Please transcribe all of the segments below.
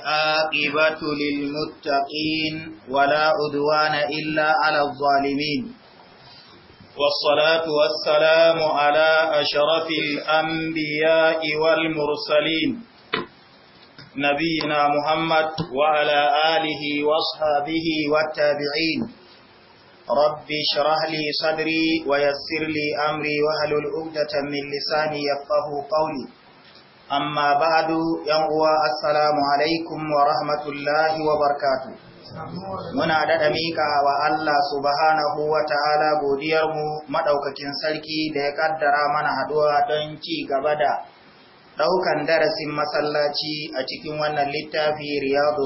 العاقبة للمتقين ولا عدوان إلا على الظالمين والصلاة والسلام على أشرف الأنبياء والمرسلين نبينا محمد وعلى آله واصحابه والتابعين رب اشرح لي صدري ويسر لي أمري وهل الأبدة من لساني يفقه قولي amma ba'du yan uwa assalamu alaikum wa rahmatullahi wa barkatu muna daɗa miƙa wa Allah subhanahu wa ta'ala godiyarmu maɗaukakin sarki da ya ƙaddara mana haɗuwa don ci gaba da ɗaukan darasin masallaci a cikin wannan littafi riyadu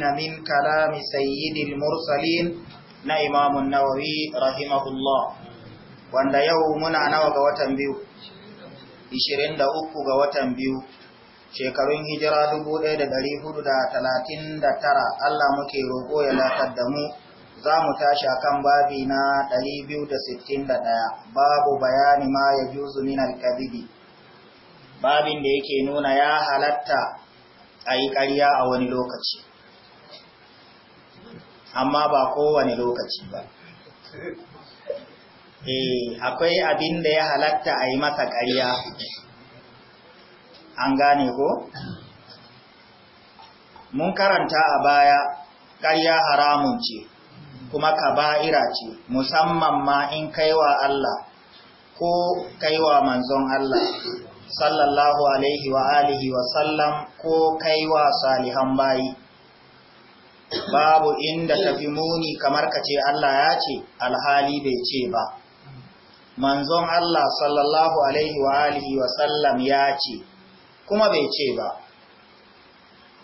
na min kalami sayyidil mursalin na imamun nawawi rahimahullah wanda yau muna nawa ga watan biyu 23 ga watan biyu shekarun hijira 1439 Allah muke roƙo ya latar da mu za mu tashi kan babi na 261 babu bayani ma ya juzu min alkadhibi babin da yake nuna ya halatta a yi ƙarya a wani lokaci amma ba kowane lokaci ba eh akwai abin da ya halatta a yi masa ƙarya an gane ko? mun karanta a baya ƙarya haramun ce kuma kaba'ira ce musamman ma in kaiwa Allah ko kaiwa manzon Allah sallallahu alaihi wa alihi wa sallam ko kaiwa salihan bayi babu inda tafi muni kamar kace Allah ya ce alhali bai ce ba manzon Allah sallallahu alaihi wa alihi wa ya ce kuma bai ce ba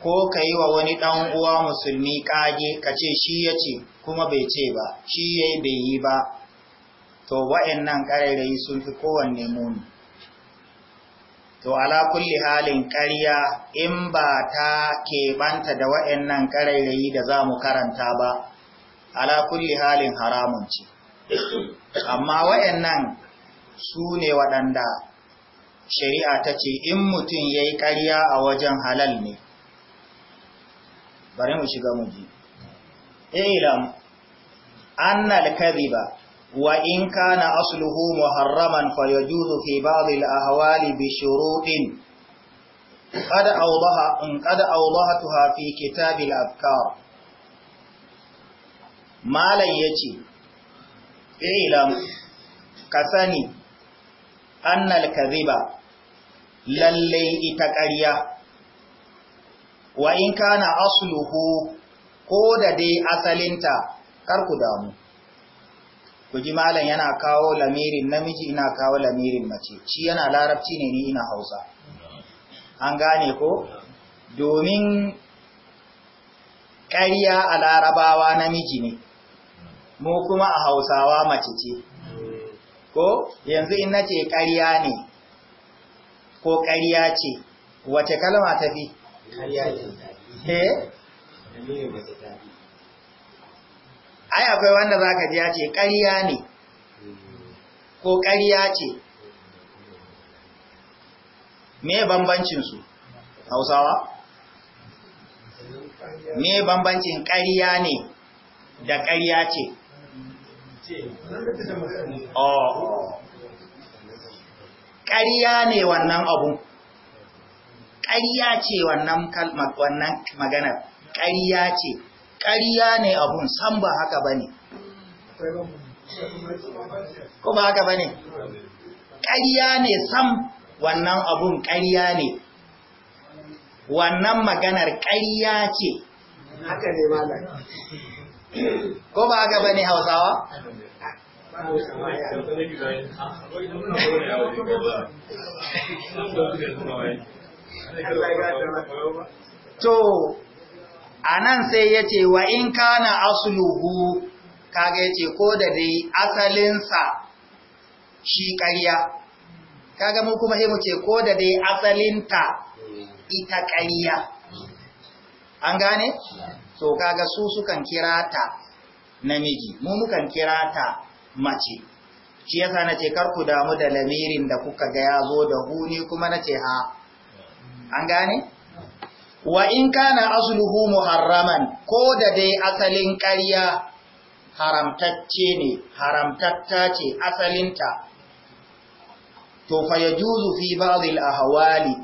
ko ka yi wa wani ɗan uwa musulmi ƙage ka ce shi ya ce kuma bai ce ba shi ya yi bai yi ba to wa'annan ƙarairayi sun fi kowanne muni to ala kulli halin ƙarya in ba ta keɓanta da wa'annan ƙarairayi da za mu karanta ba ala kulli halin haramun ce amma wayannan su ne waɗanda shari'a ta ce in mutum ya yi ƙarya a wajen halal ne bari mu shiga muji ilam annal ba, wa in kana asluhu muharraman fa yajuzu fi ba'd al ahwali bi shurutin qad awdaha in qad awdahatuha fi kitab al afkar ya ce. ilam ka sani annal kadhiba lalle ita ƙarya wa in kana asluhu ko da dai asalinta kar ku damu ku ji malam yana kawo lamirin namiji ina kawo lamirin mace shi yana larabci ne ni ina hausa an gane ko domin ƙarya a larabawa namiji ne mu kuma a hausawa mace ce ko yanzu in nace ƙarya ne ko ƙarya ce wace kalma eh? tafi ai akwai wanda za ka ji ya ce ƙarya ne ko ƙarya ce me bambancinsu hausawa me bambancin ƙarya ne da ƙarya ce Oh. ƙariya ne wannan abu ƙariya ce wannan maganar ƙariya ce ƙariya ne abun san ba haka ba ne kuma haka ba ne ƙariya ne sam wannan abun ƙariya ne wannan maganar ƙariya ce haka ne ko ba ga bane hausawa to anan sai yace ce wa in kana asuluhu? kaga ya ce ko da dai asalinsa shi ƙarya kaga mu kuma sai mu ce ko da dai asalinta ita ƙarya an gane to kaga su sukan kira ta namiji mu mukan kira ta mace shi yasa nace kar ku damu da lamirin da kuka ga ya zo da huni kuma nace ha an gane wa in kana asluhu muharraman ko da dai asalin ƙarya haramtacce ne haramtatta ce asalinta to fa yajuzu fi ba'dil ahwali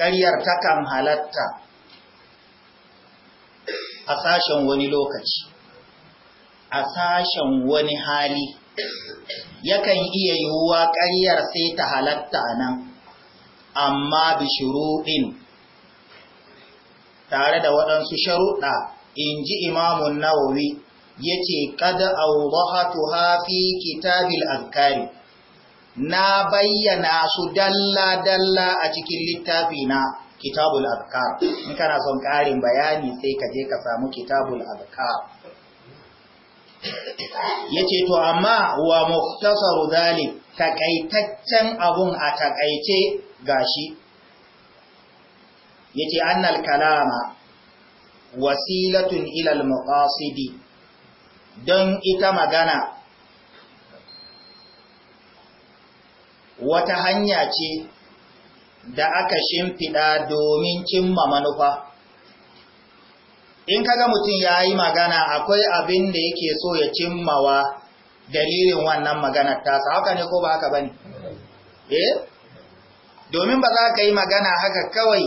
ƙaryar takan halatta a sashen wani lokaci a sashen wani hali yakan iya yiwuwa ƙaryar sai ta halatta nan amma ɗin. tare da waɗansu sharuɗa in ji imamun nawawi ya ce kada auratu hafi kitabil azkari na bayyana su dalla-dalla a cikin littafina kitabul azkar in kana son ƙarin bayani sai ka je ka samu kitabul azkar yace to amma wa mukhtasaru zalik takaitaccen abun a takaice gashi yace annal kalama wasilatun ila al-maqasidi don ita magana wata hanya ce da aka shimfiɗa domin cimma manufa. In kaga mutum ya yi magana akwai abin da yake so ya cimmawa dalilin wannan maganar tasa, haka ne ko ba haka ba ne? Eh? Domin ba za ka yi magana haka kawai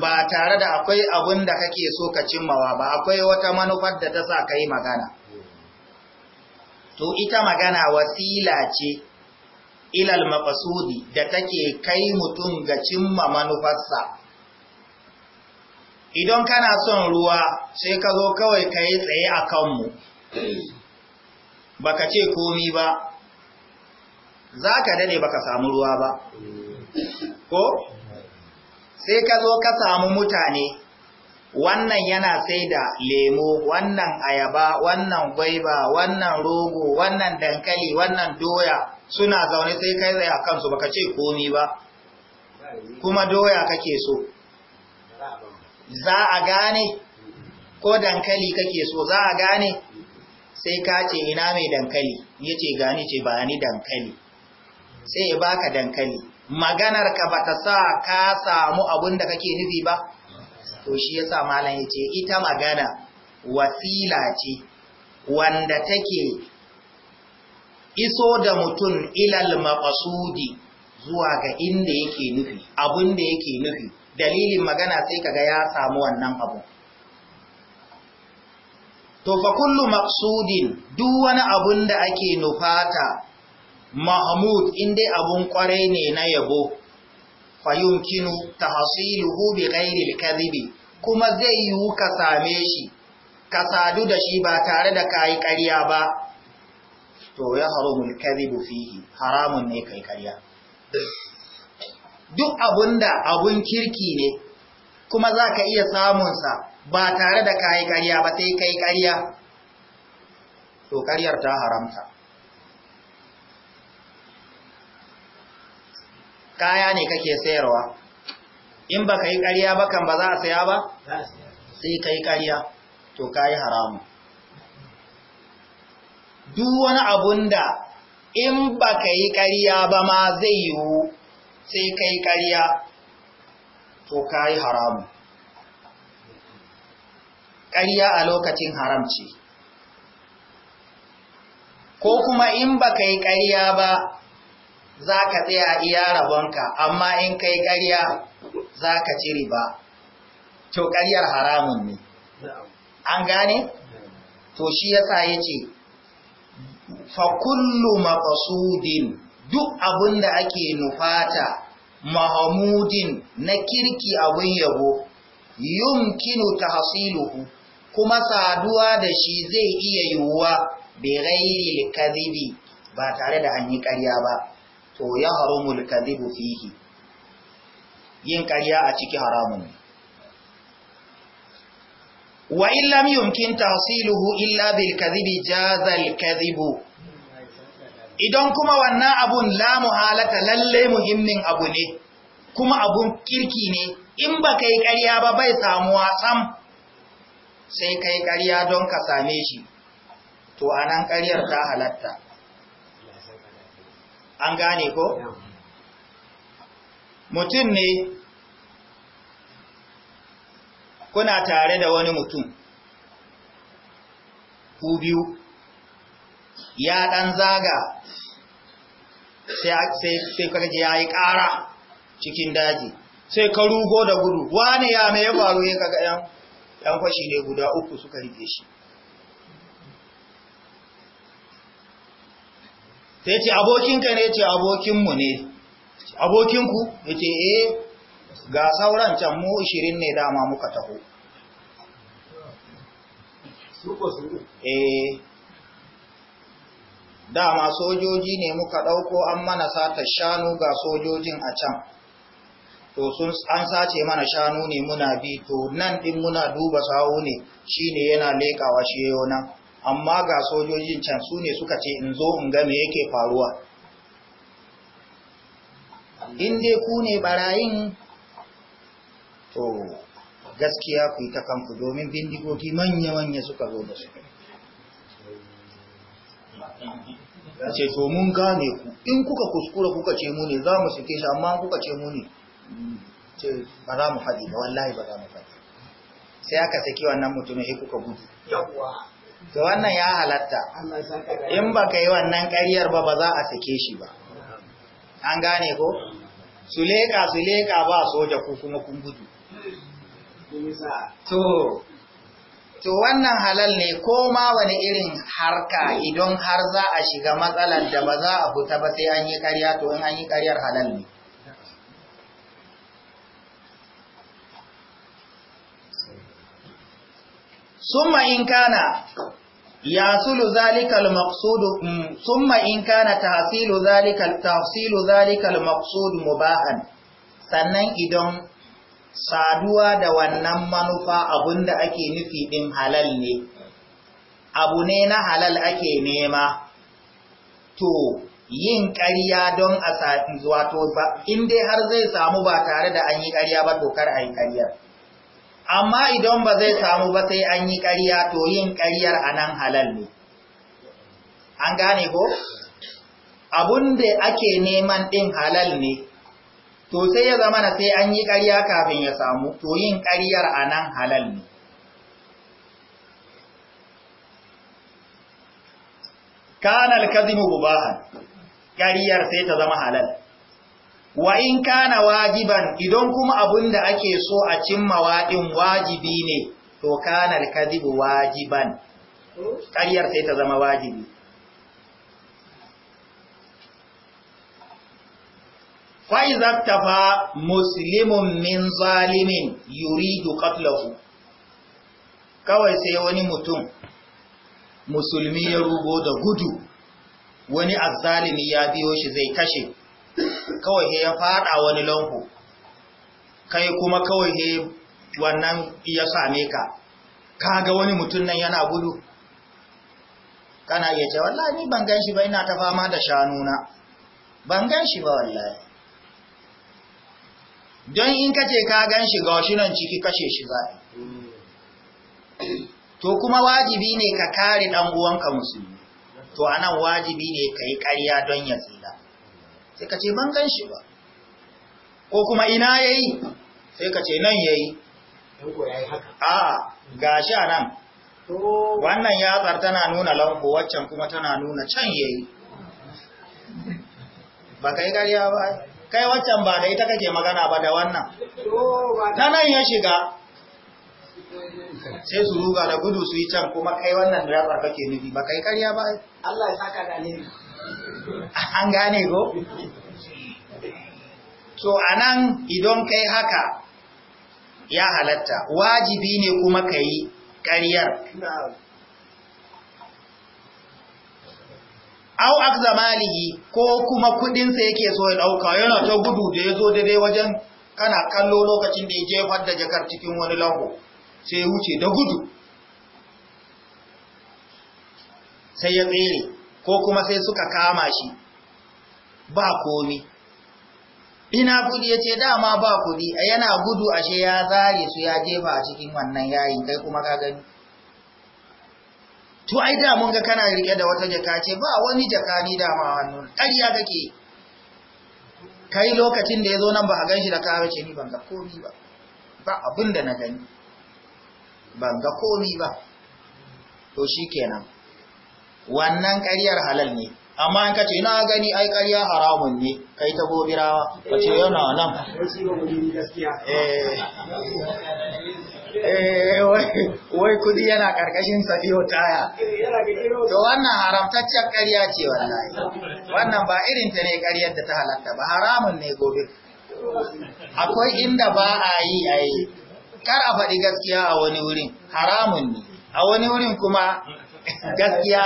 ba tare da akwai abin da kake so ka cimmawa ba, akwai wata manufar da ta sa ka yi magana. To, ita magana wasila ce. ilal maqsudi da take kai mutum ga cimma manufarsa idan kana son ruwa sai ka zo kawai ka tsaye a mu baka ce komi ba zaka ka dade baka samu ruwa ba ko sai ka zo ka samu mutane wannan yana sai da lemo wannan ayaba wannan gwaiba wannan rogo wannan dankali wannan doya suna zaune sai kai tsaye a kansu baka ce komi ba kuma doya kake so za a gane ko dankali kake so za a gane sai ka ce ina mai dankali ya ce gani ce ba ni dankali sai ya baka dankali maganar ka ba ta sa ka samu abin da kake nufi ba to shi ya sa malam ya ce ita magana wasila ce wanda take iso da mutum ilal maqsudi zuwa ga inda yake nufi abin da yake nufi dalilin magana sai kaga ya samu wannan abu to fa kullu maqsudin duk wani abun da ake nufata mahmud inda abun kwarai ne na yabo fa yumkinu tahsiluhu bi ghairi al kuma zai yiwu ka same shi ka sadu da shi ba tare da kayi ƙarya ba to ya harumul kadhibu fihi haramun ne kai karya duk abunda abun kirki ne kuma zaka iya samun sa ba tare da kai karya ba sai kai karya to karyar ta haramta kaya ne kake sayarwa in baka yi karya ba kan ba za a saya ba sai kai karya to kai haramun duk wani abun da in ba ka yi ƙarya ba ma zai yiwu sai ka yi ƙarya to ka yi haramu ƙarya a lokacin haramci ko kuma in ba ka yi ƙarya ba za ka tsaya iya rabonka amma in ka yi ƙarya za ka ciri ba, to ƙaryar haramun ne an gane? to shi yasa ya ce fa maqsudin duk abin da ake nufata mahamudin na kirki abin yabo yumkinu tahsiluhu kuma saduwa da shi zai iya yiwuwa bighairi kadhibi ba tare da an yi ƙarya ba to ya harumul kadhibu fihi yin ƙarya a ciki haramun wa illam yumkin tahsiluhu illa bil kadhibi jaza al kadhibu idan kuma wannan abun la muhalata lalle muhimmin abu ne kuma abun kirki ne in ba kai ƙarya ba bai samuwa sam sai kai ƙarya don ka same shi to anan ƙaryar ta halatta an gane ko mutum ne kuna tare da wani mutum ku biyu ya ɗan zaga sai karje ya yi ƙara cikin daji sai ka rugo da gudu wani ya mai faru ya kaga ‘yan kwashi ne guda uku suka rike shi sai ce abokinka ne ce abokinmu ne abokinku ya ce e eh, ga sauran can mu 20 ne dama muka taho eh dama sojoji ne muka ɗauko an mana sata shanu ga sojojin a can to sun an sace mana shanu ne muna bi to nan ɗin muna duba sawu ne shi ne yana leƙawa shi yau nan amma ga sojojin can su ne suka ce in zo in ga me yake faruwa in dai ku ne barayin to gaskiya ku yi ta kanku domin bindigogi manya-manya suka zo da su a ce to mun gane ku in kuka kuskura kuka ce mu ne za mu sake shi amma kuka ce mu ne ce ba za mu faɗi ba wallahi ba za mu faɗi sai aka saki wannan mutumin sai kuka gudu to wannan ya halatta in ba ka yi wannan ƙaryar ba ba za a sake shi ba an gane ko su leƙa su leƙa ba soja ku kuma kun gudu to to wannan halal ne ko ma wani irin harka idan har za a shiga matsalar da ba za a fita ba sai an yi ƙarya to in an yi ƙaryar halal ne summa in kana yasulu zalika al-maqsud mm, summa in kana tahsilu tahsilu maqsud mubahan sannan idan saduwa da wannan manufa abunda ake nufi ɗin halal ne, abu ne na halal ake nema, to yin ƙarya don a zuwa to ba, in dai har zai samu ba tare da an yi ƙarya ba tokar a yi ƙaryar. Amma idan ba zai samu ba sai an yi ƙarya to yin ƙaryar a nan halal ne. An gane ko? Abun da ake neman ɗin halal ne. to sai ya zama na sai an yi ƙarya kafin ya samu to yin ƙaryar a nan halal ne kana alkazimu bubahan ƙaryar sai ta zama halal wa in kana wajiban idan kuma abin da ake so a cimma waɗin wajibi ne to kana alkazimu wajiban ƙaryar sai ta zama wajibi fa'iza fa muslimun min zalimin yuridu qatlahu kawai sai wani mutum musulmi ya rubo da gudu wani azzalimi ya biyo shi zai kashe kawai ya fada wani lanku kai kuma kawai he wannan ya same ka kaga wani mutum nan yana gudu kana iya ce wallahi ban gan shi ba ina ta fama da shanuna ban gan shi ba wallahi don in ka ce ka gan shi ga shi nan ciki kashe shi za to kuma wajibi ne ka kare ɗan uwanka musulmi to a nan wajibi ne ka yi ƙarya don ya tsira sai ka ce ban gan shi ba ko kuma ina ya yi sai ka ce nan ya yi a ga shi a nan wannan yatsar tana nuna lanko waccan kuma tana nuna can ya yi ba ka yi ƙarya ba kai waccan ba da ita kake magana ba da wannan ta nan ya shiga sai su ruga da gudu su yi can kuma kai wannan driver kake nufi ba kai karya ba Allah ya saka da an gane go to anan idan kai haka ya halatta wajibi ne kuma kai kariyar? au malihi ko kuma kudinsa yake so ya dauka yana ta gudu da yazo zo dai wajen kana kallo lokacin da ya jefar da jakar cikin wani lango sai ya wuce da gudu sai ya tsere ko kuma sai suka kama shi ba komi ina kudi yace dama ba kudi yana gudu ashe ya zare su ya jefa a cikin wannan yayin kai kuma ka gani to ai da mun ga kana riƙe da wata jaka ce ba wani jaka ni da ma hannu ƙarya kake kai lokacin da yazo nan ba a ganshi da ka ce ni ban ga komi ba ba abin da na gani ban ga komi ba to shi kenan wannan ƙaryar halal ne amma in ka ce na gani ai ƙarya haramun ne kai ta gobirawa ka ce yana nan eh. Eh, wai kudi yana karkashin safiyo taya to wannan haramtaccen ƙarya ce wallahi wannan ba irin ta ne ƙaryar da ta halatta ba haramun ne gobe akwai inda ba a yi a yi kar a faɗi gaskiya a wani wurin haramun ne a wani wurin kuma gaskiya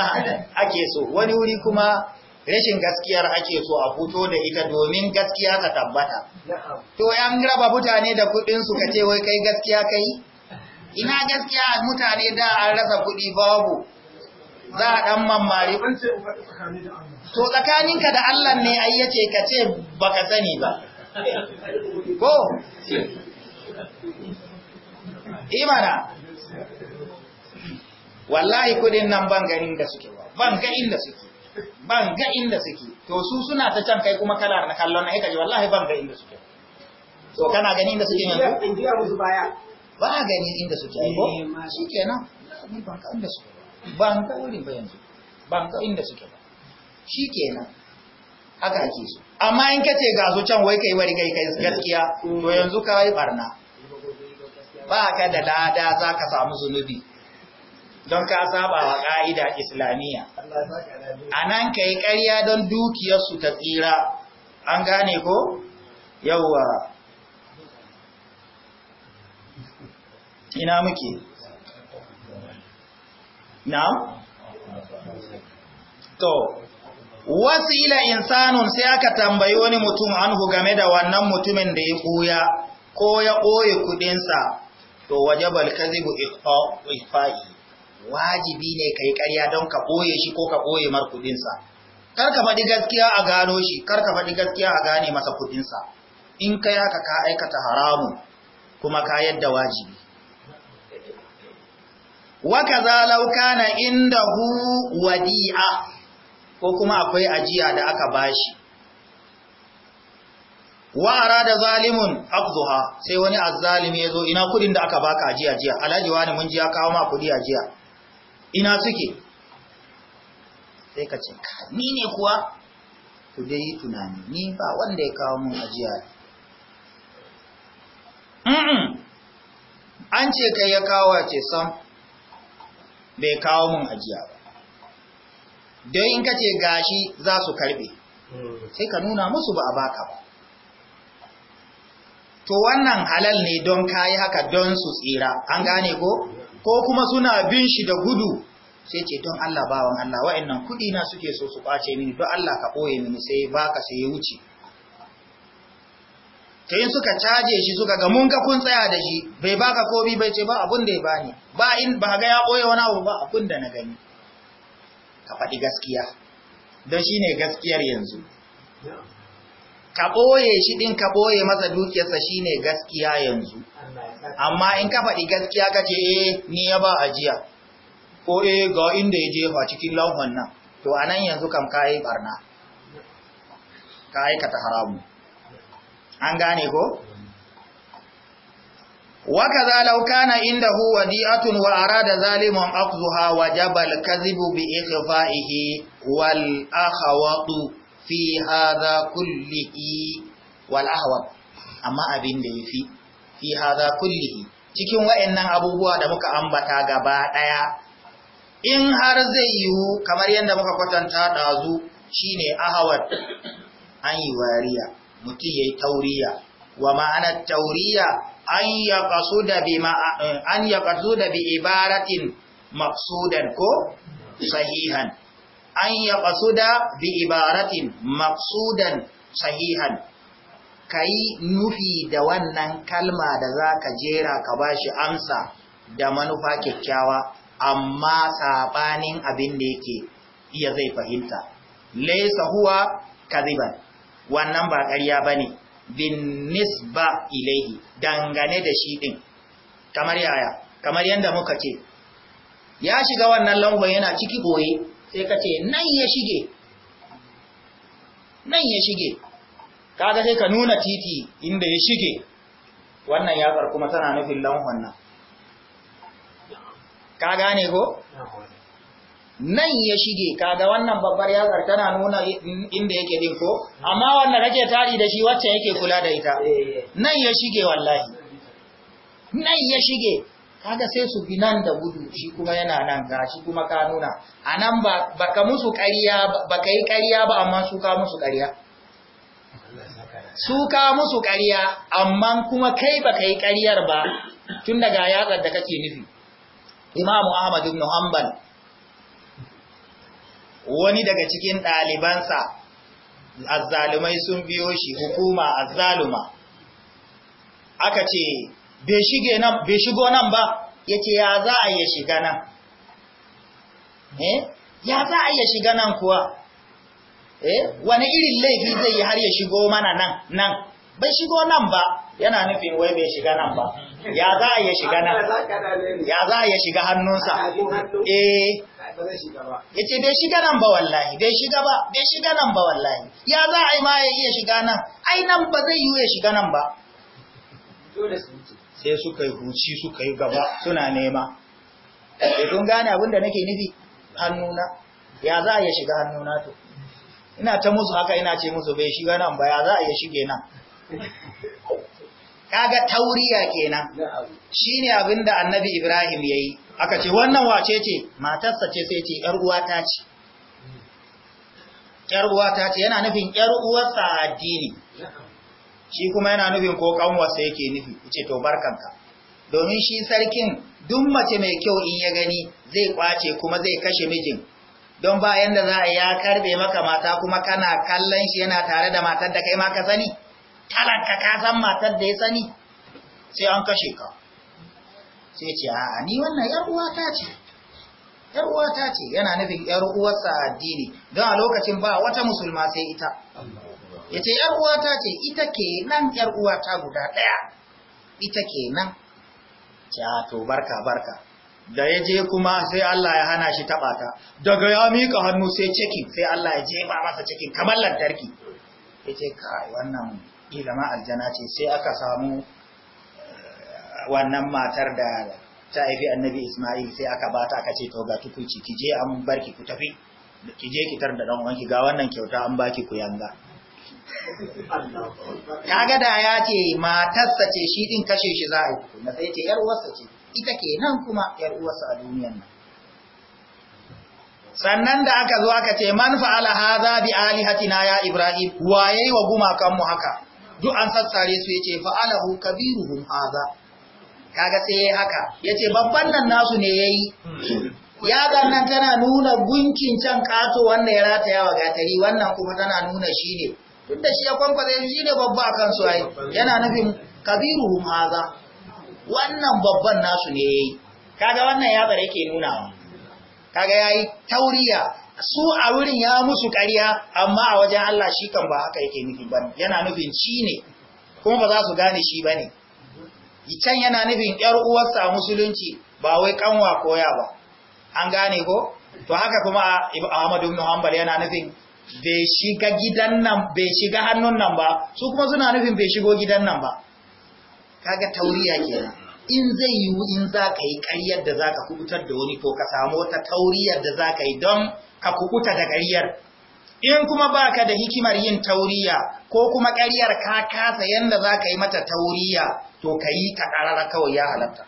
ake so wani wuri kuma rashin gaskiyar ake so a fito da ita domin gaskiya ka tabbata. To, ‘yan raba mutane da kuɗin su ka ce wai kai gaskiya kai, ina gaskiya mutane da an rasa kuɗi babu za a ɗan mammari to tsakaninka da Allah ne ai yace ka ce baka sani ba ko imana eh wallahi kudin nan ban garin da suke ban ga inda suke ban ga inda suke to su suna ta can kai kuma kalar na kallon na eh kaje wallahi ban ga inda suke to kana gani inda suke yanzu ba a gani inda suke ba, eh, shi kenan ni ban ka inda suke ba ban ka wurin ba yanzu ban ka inda suke ba shi kenan haka ake so amma in ce ga su can wai kai wari kai kai gaskiya to yanzu ka yi barna ba ka da lada za ka samu zunubi don ka saba wa ka'ida islamiyya a nan ka yi karya don dukiyarsu ta tsira an gane ko yauwa ina muke na'am to wasu ila insanun sai aka tambayi wani mutum anhu game da wannan mutumin da ya koya, ko ya koye kudinsa to waje balkazi bu ifa'i wajibi ne kai karya don ka koye shi ko ka ɓoye mar kudinsa kar ka faɗi gaskiya a gano shi kar ka faɗi gaskiya a gane masa kudinsa in kai haka ka aikata haramu kuma ka yadda wajibi wakaza lauka na inda hu wadi'a ko kuma akwai ajiya da aka bashi wa da zalimun abduha sai wani azzalimi ya zo ina kudin da aka baka ajiya jiya alhaji wani mun ji ya kawo ma kudi ajiya ina suke sai ka ce ni ne kuwa ku dai yi tunani ni ba wanda ya kawo mun ajiya an ce kai ya kawo ce sam bai kawo mun ajiya ba Dai in ka ce gashi za su karbe sai ka nuna musu ba a baka ba to wannan halal ne don kayi haka don su tsira an gane ko ko kuma suna bin shi da gudu sai ce don Allah bawan Allah wa'annan kudi na suke so su kwace mini don Allah ka ɓoye mini sai baka sai ya wuce ta yi suka caje shi suka ga mun ga kun tsaya da shi bai baka kobi bai ce ba abun da ya bani ba in ba ga ya koye wani abu ba abun da na gani ka faɗi gaskiya don shi ne gaskiyar yanzu ka ɓoye shi ɗin ka ɓoye masa dukiyarsa shi ne gaskiya yanzu amma in ka faɗi gaskiya ka ce eh ni ya ba ajiya ko eh ga inda ya jefa cikin lauhan nan to anan yanzu kam ka yi ɓarna ka aikata haramu an gane ko wakaza law kana indahu wadi'atun wa arada zalimun aqdhuha wa jabal kadhibu bi ikhfa'ihi wal akhawatu fi hadha kullihi wal ahwab amma abin da yafi fi hadha kullihi cikin wayannan abubuwa da muka ambata gaba daya in har zai yiwu kamar yadda muka kwatanta dazu shine ahwat an yi wariya mutum yi tauriya wa ma'ana tauriya an yaqsuda bi an bi ibaratin maksudan ko sahihan an da bi ibaratin maksudan sahihan Ka yi nufi da wannan kalma da za ka jera ka ba shi amsa da manufa kyakkyawa amma sabanin abin da yake iya zai fahimta laysa huwa kadiban wannan ba ƙarya ba ne bin nisba ilaihi dangane da shi ɗin kamar yaya kamar yadda muka ce ya shiga wannan langon yana ciki ɓoye sai ka ce nan ya shige nan ya shige kaga sai ka nuna titi inda ya shige wannan yatsar kuma tana nufin langon nan ka gane ko? nan ya shige kaga wannan babbar yatsar tana nuna inda yake din ko amma wannan rage tari da shi wacce yake kula da ita eh, eh, eh. nan ya shige wallahi nan ya shige kaga sai su bi nan da gudu shi kuma yana nan ga shi kuma ka nuna a nan ba baka musu ƙarya ba yi ƙarya ba amma su ka musu ƙarya su ka musu ƙarya amma kuma kai baka yi ƙaryar ba tun daga yatsar da kake nufi imamu ahmad ibn hanbal wani daga cikin ɗalibansa azzalumai sun biyo shi hukuma azzaluma aka ce bai shigo nan ba ya ce ya za a iya shiga nan eh? ya za a iya shiga nan kuwa eh? wani irin laifi zai yi har ya shigo mana nan nan bai shigo nan ba yana nufin wai bai shiga nan ba ya za a iya shiga nan ya za a iya shiga hannunsa eh yace bai shiga nan ba wallahi bai shiga ba bai shiga nan ba wallahi ya za a yi ma ya iya shiga nan ai nan ba zai yi ya shiga nan ba sai suka yi huci suka yi gaba suna nema eh, kun gane abin da nake nufi hannuna ya za a iya shiga hannuna to ina ta musu haka ina ce musu bai shiga nan ba ya za a iya shige nan kaga tauriya kenan shine abin da annabi Ibrahim ya yi. aka ce wannan wace ce matarsa ce sai ce ‘yar uwata ce ‘yar uwata ce yana nufin ‘yar uwarsa addini shi kuma yana nufin ko ƙanwarsa yake nufi ce to barkan ka. domin shi sarkin duk mace mai kyau in ya gani zai kwace kuma zai kashe mijin don bayan da za a ya karbe maka mata kuma kana kallon shi yana tare da matar da kai ma ka sani talaka ka san matar da ya sani sai an kashe ka sai ce a'a ni wannan yar uwata ce yar ta ce yana nufin yar uwarsa addini don a lokacin ba wata musulma sai ita yace yar uwata ce ita kenan yar uwata guda daya ita kenan ja to barka barka da ya je kuma sai Allah ya hana shi taɓa ta daga ya mika hannu sai cikin sai Allah ya jefa masa cikin kamar lantarki yace kai wannan ƙila ma aljana ce sai aka samu wannan matar da ta haifi annabi Ismail sai aka bata aka ce to ga tukunci ki je an barki ku tafi ki je ki tar da dan uwanki ga wannan kyauta an baki ku yanga kaga da ya ce matarsa ce shi din kashe shi za a yi na sai ce yar uwarsa ce ita kenan kuma yar uwarsa a duniyar nan sannan da aka zo aka ce man fa'ala hadha bi alihatina ya ibrahim waye wa gumakan mu haka duk an sassare su yace fa'alahu kabiruhum hadha kaga sai haka yace babban nan nasu ne yayi ga nan tana nuna gunkin can kato wanda ya rataya wa gatari wannan kuma tana nuna shi ne duk da shi ya kwamfa zai shi ne babba a kansu ai yana nufin Kabiru maza wannan babban nasu ne yayi kaga wannan bare yake nuna wa. kaga yayi tauriya su a wurin ya musu ƙarya amma a wajen Allah shi kan ba haka yake nufi ba yana nufin shi ne kuma ba za su gane shi bane can yana nufin ‘yar uwarsa a musulunci ba wai kanwa koya ba, an gane ko? To haka kuma Ahmadu Muhammad yana nufin bai shiga gidan nan, bai shiga hannun nan ba, su kuma suna nufin bai shigo gidan nan ba. Kaga tauriya kenan. In zai yiwu in za ka yi ƙaryar da za ka kubutar da wani ko ka samu wata tauriyar da za ka yi don ka kubuta da ƙaryar. In kuma ba ka da hikimar yin tauriya ko kuma ƙaryar ka kasa yadda za ka yi mata tauriya to ka yi ta ƙarara kawai ya halatta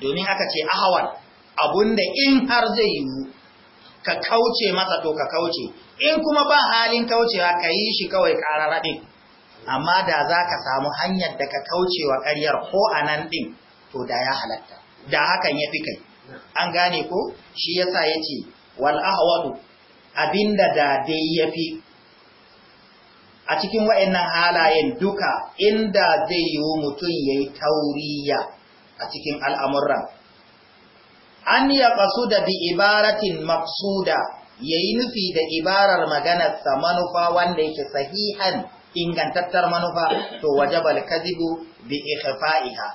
domin aka ce ahawar abunda in har zai yi ka kauce masa to ka kauce in kuma ba halin kaucewa ka yi shi kawai ƙarara ɗin amma da za ka samu hanyar da ka kaucewa ƙaryar ko a nan ɗin to da ya halatta da hakan ya fi kai an gane ko shi yasa ya ce wal ahawar abinda da dai ya fi a cikin wa'annan halayen duka inda zai yiwu mutum ya yi tauriya a cikin al'amuran an ya kasu da bi ibaratin maksuda ya yi nufi da ibarar maganarsa manufa wanda yake sahihan ingantattar manufa to waje balkazibu bi ikhfa'iha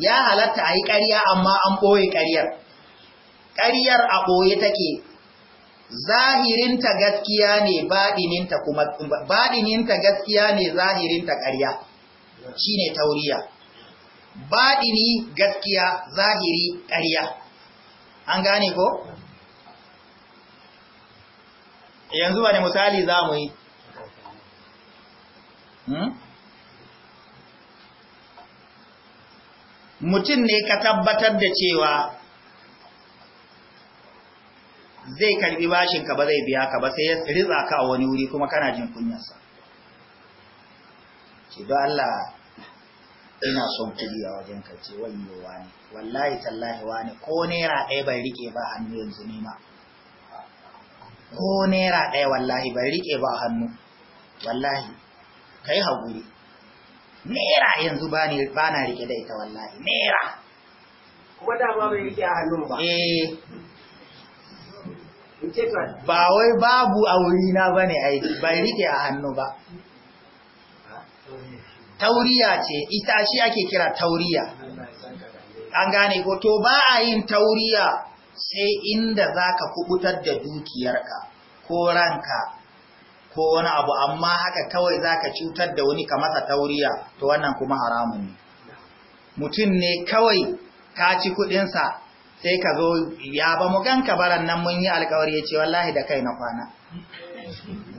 ya halatta a yi ƙarya amma an ɓoye ƙaryar ƙaryar a ɓoye take zahirinta gaskiya ne baɗininta kuma baɗininta gaskiya ne zahirinta ƙarya shine tauriya baɗini gaskiya zahiri ƙarya an gane ko yanzu wani misali za mu yi hmm? mutum ne ka tabbatar da cewa zai karbi bashin ka ba zai biya ka ba sai ya riza ka a wani wuri kuma kana jin kunyarsa ce don Allah ina son kudi a wajen ka ce wayo wani wallahi tallahi wani ko naira ɗaya bai rike ba hannu yanzu ne ma ko naira ɗaya wallahi bai rike ba hannu wallahi kai haƙuri naira yanzu ba na rike da ita wallahi naira kuma da ba bai rike a hannu ba eh ba wai babu a wurina ba ne aiki bai rike a hannu ba tauriya ce ita shi ake kira tauriya an gane ko to ba a yin tauriya sai inda zaka ka kubutar da dukiyarka ko ranka ko wani abu amma haka kawai za ka cutar da wani ka masa tauriya to wannan kuma haramun ne mutum ne kawai ka ci kudinsa sai ka zo ya ba mu ganka baran nan mun yi alkawari ya ce wallahi da kai na kwana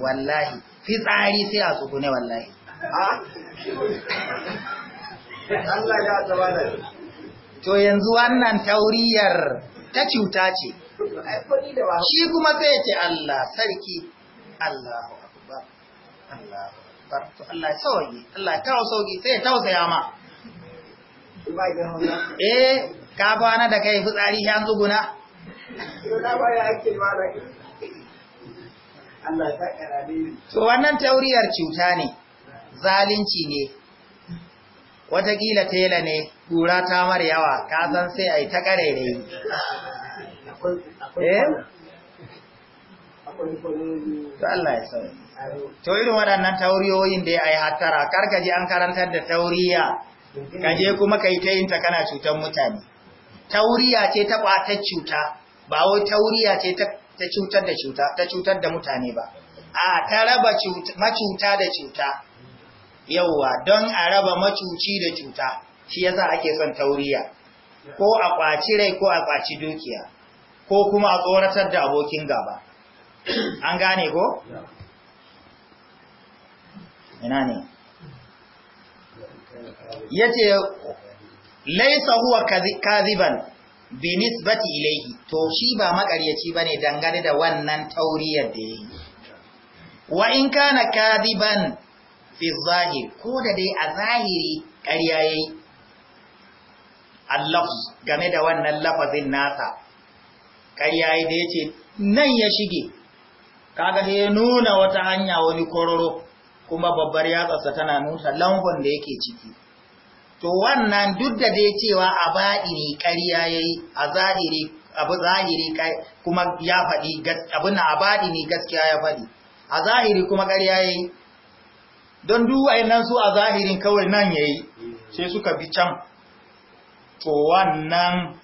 wallahi tsari sai a ne wallahi Allah ya zaba da to yanzu wannan tauriyar ta cuta ce shi kuma sai ce Allah sarki Allahu akbar Allahu akbar to Allah ya sauki Allah ya tausauki sai ya ya ma eh ka na da kai fitsari ya tsuguna so wannan tauriyar cuta ne zalunci ne watakila tela ne kura ta mar yawa ka san sai a yi ta ƙarere eh? to Allah ya to irin waɗannan tauriyoyin da ya yi hattara karkaji an karantar da tauriya kaje kuma ka yi ta yinta kana cutar mutane tauriya ce ta ƙwatar cuta ba wai tauriya ce ta cutar da cuta ta cutar da mutane ba a ta raba macuta da cuta yauwa don a raba macuci da cuta shi yasa ake son tauriya ko a ƙwaci rai ko a ƙwaci dukiya ko kuma a tsoratar da abokin gaba an gane ko? ina ne ya laisa huwa kaziban bi nisbati ilaihi to shi ba makaryaci bane dangane da wannan tauriyar da yayi wa in kana kaziban fi zahir ko da dai a zahiri ƙarya yayi Allah game da wannan lafazin nasa ƙarya yayi da yace nan ya shige kaga sai ya nuna wata hanya wani kororo kuma babbar yatsarsa tana nusa langon da yake ciki to wannan duk da dai cewa a baɗiri ƙariya ya yi a zahiri abu zahiri kuma ya faɗi abin a baɗini gaskiya ya faɗi a zahiri kuma ƙariya ya yi don yi nan su a zahirin kawai nan ya yi sai suka bi can to wannan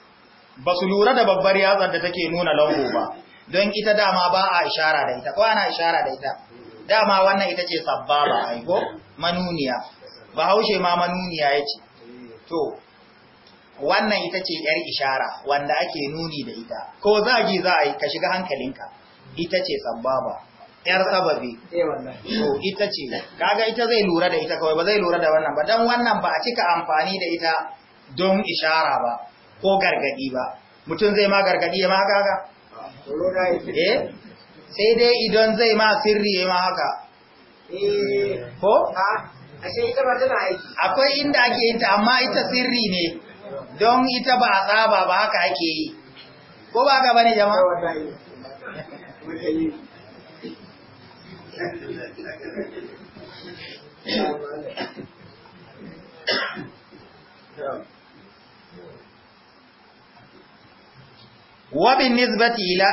ba su lura da babbar yatsar da take nuna lango ba don ita dama ba a ishara da ita kwana ishara da ita dama wannan ita ce sabba ba aiko manuniya ba haushe ma manuniya ya ce to wannan ita ce ‘yar ishara wanda ake nuni da ita, ko zagi za a yi ka shiga hankalinka, ita ce sababa, ‘yar sababi, eh, to ita ce, kaga ita zai lura da ita kawai ba zai lura da wannan ba, don wannan ba a cika amfani da ita don ishara ba, ko gargadi ba, mutum zai ma gargadi ya ma haka Eh, sai dai idan zai ma sirri ya ma haka. Eh. Ko? Ah. akwai inda ake yin ta amma ita sirri ne don ita ba a tsaba ba haka ake yi ko ba haka bane jama'a wabin nisbati ila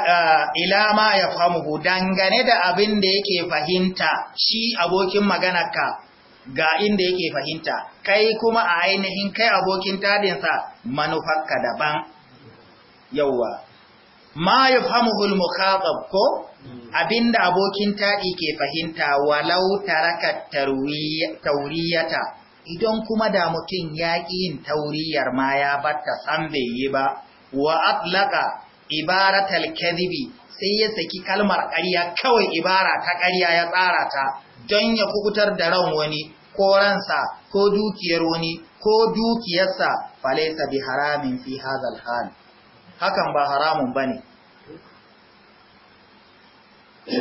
eh, ma ya famuhu dangane da abin da yake fahimta shi abokin maganarka ga inda yake fahimta kai kuma a ainihin kai abokin tadinsa manufarka daban yauwa ma yafhamuhul mukhatab ko abinda abokin taɗi ke fahimta walau taraka tauriyata, idan kuma da mutum ya ƙi yin tauriyar ma ya batta san bai yi ba wa atlaka ibaratal kadhibi sai ya saki kalmar ƙarya kawai ibara ta ƙariya ya tsara ta don ya kukutar da ran wani ko ransa ko dukiyar wani ko dukiyarsa falaisa bi haramin fi hazal hal hakan ba haramun bane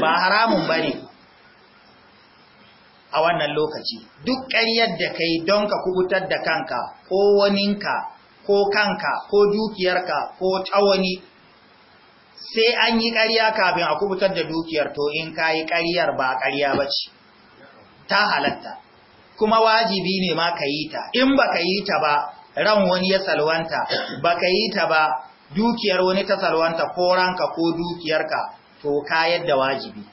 ba haramun bane a wannan lokaci duk ƙaryar da kai don ka kubutar da kanka ko waninka ko kanka ko dukiyarka ko tawani sai an yi ƙarya kafin a kubutar da dukiyar to in ka yi ƙaryar ba ƙarya ba ce ta halatta kuma wajibi ne ma ka yi ta in ba ka yi ta ba ran wani ya salwanta ba ka yi ta ba dukiyar wani ta salwanta ko ranka ko dukiyarka to ka yadda wajibi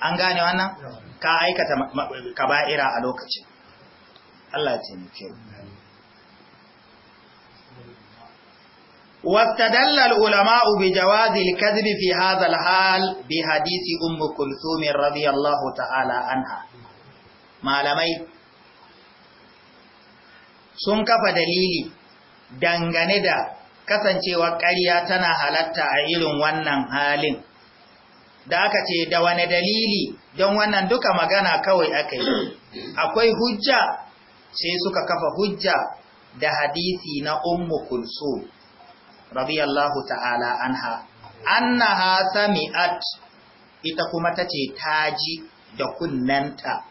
an gane wannan ka aikata kaba'ira a lokacin Allah ya ce mu واستدل العلماء بجواز الكذب في هذا الحال بحديث أم كلثوم رضي الله تعالى عنها malamai sun kafa dalili dangane da kasancewar ƙarya tana halatta a irin wannan halin da aka ce da wani dalili don wannan duka magana kawai aka yi akwai hujja sai suka kafa hujja da hadisi na ummu kulsum radiyallahu ta'ala anha annaha sami'at ita kuma tace taji da kunnanta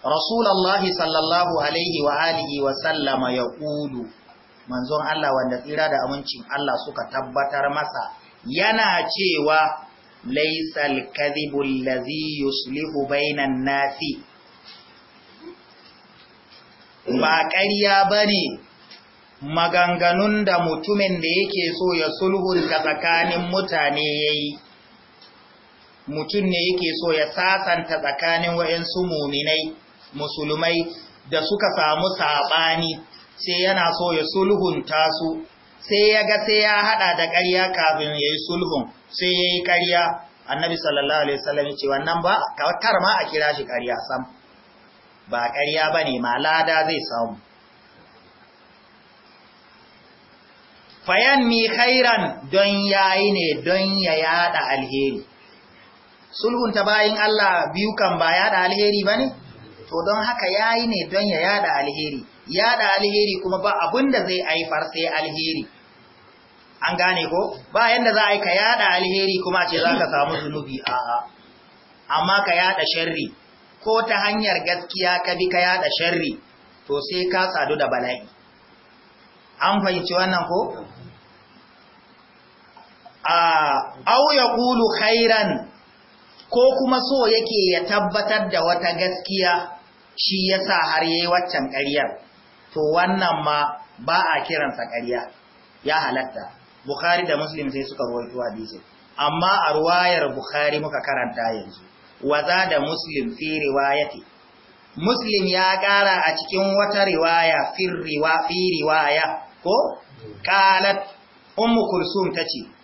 Rasulallah sallallahu alaihi wa alihi wa sallama yaqulu manzon Allah wanda tsira da amincin Allah suka tabbatar masa yana cewa laisal kadhibu allazi yuslihu bainan nasi ba ƙarya bane maganganun da mutumin da yake so ya sulhunta tsakanin mutane ya yi mutum ne yake so ya sasanta tsakanin wa'yansu muminai musulmai da suka samu saɓani sai yana so ya sulhunta su sai ya ga sai ya haɗa da ƙarya kafin ya yi sulhun sai ya yi ƙarya annabi sallallahu alaihi wasallam ya ce wannan ba kar ma a kira shi ƙarya sam ba ƙarya ba ne ma lada zai samu fayan mi khairan don yayi ne don ya yada alheri sulhun ta bayin Allah biyu kan ba yada alheri bane to don haka yayi ne don ya yada alheri yada alheri kuma ba abinda zai aifar sai alheri an gane ko ba yanda za a yi ka yada alheri kuma ce zaka ka samu zunubi a'a amma ka yada sharri ko ta hanyar gaskiya ka bi ka yada sharri to sai ka sadu da bala'i an fahimci wannan ko a au ya kulu khairan ko kuma so yake ya tabbatar da wata gaskiya shi yasa har yayi waccan ƙaryar to wannan ma ba a kiransa ƙarya ya halatta bukhari da muslim sai suka rawaito hadisi amma a ruwayar bukhari muka karanta yanzu waza da muslim fi riwayati muslim ya ƙara a cikin wata riwaya fi riwaya ko qalat ummu kulsum tace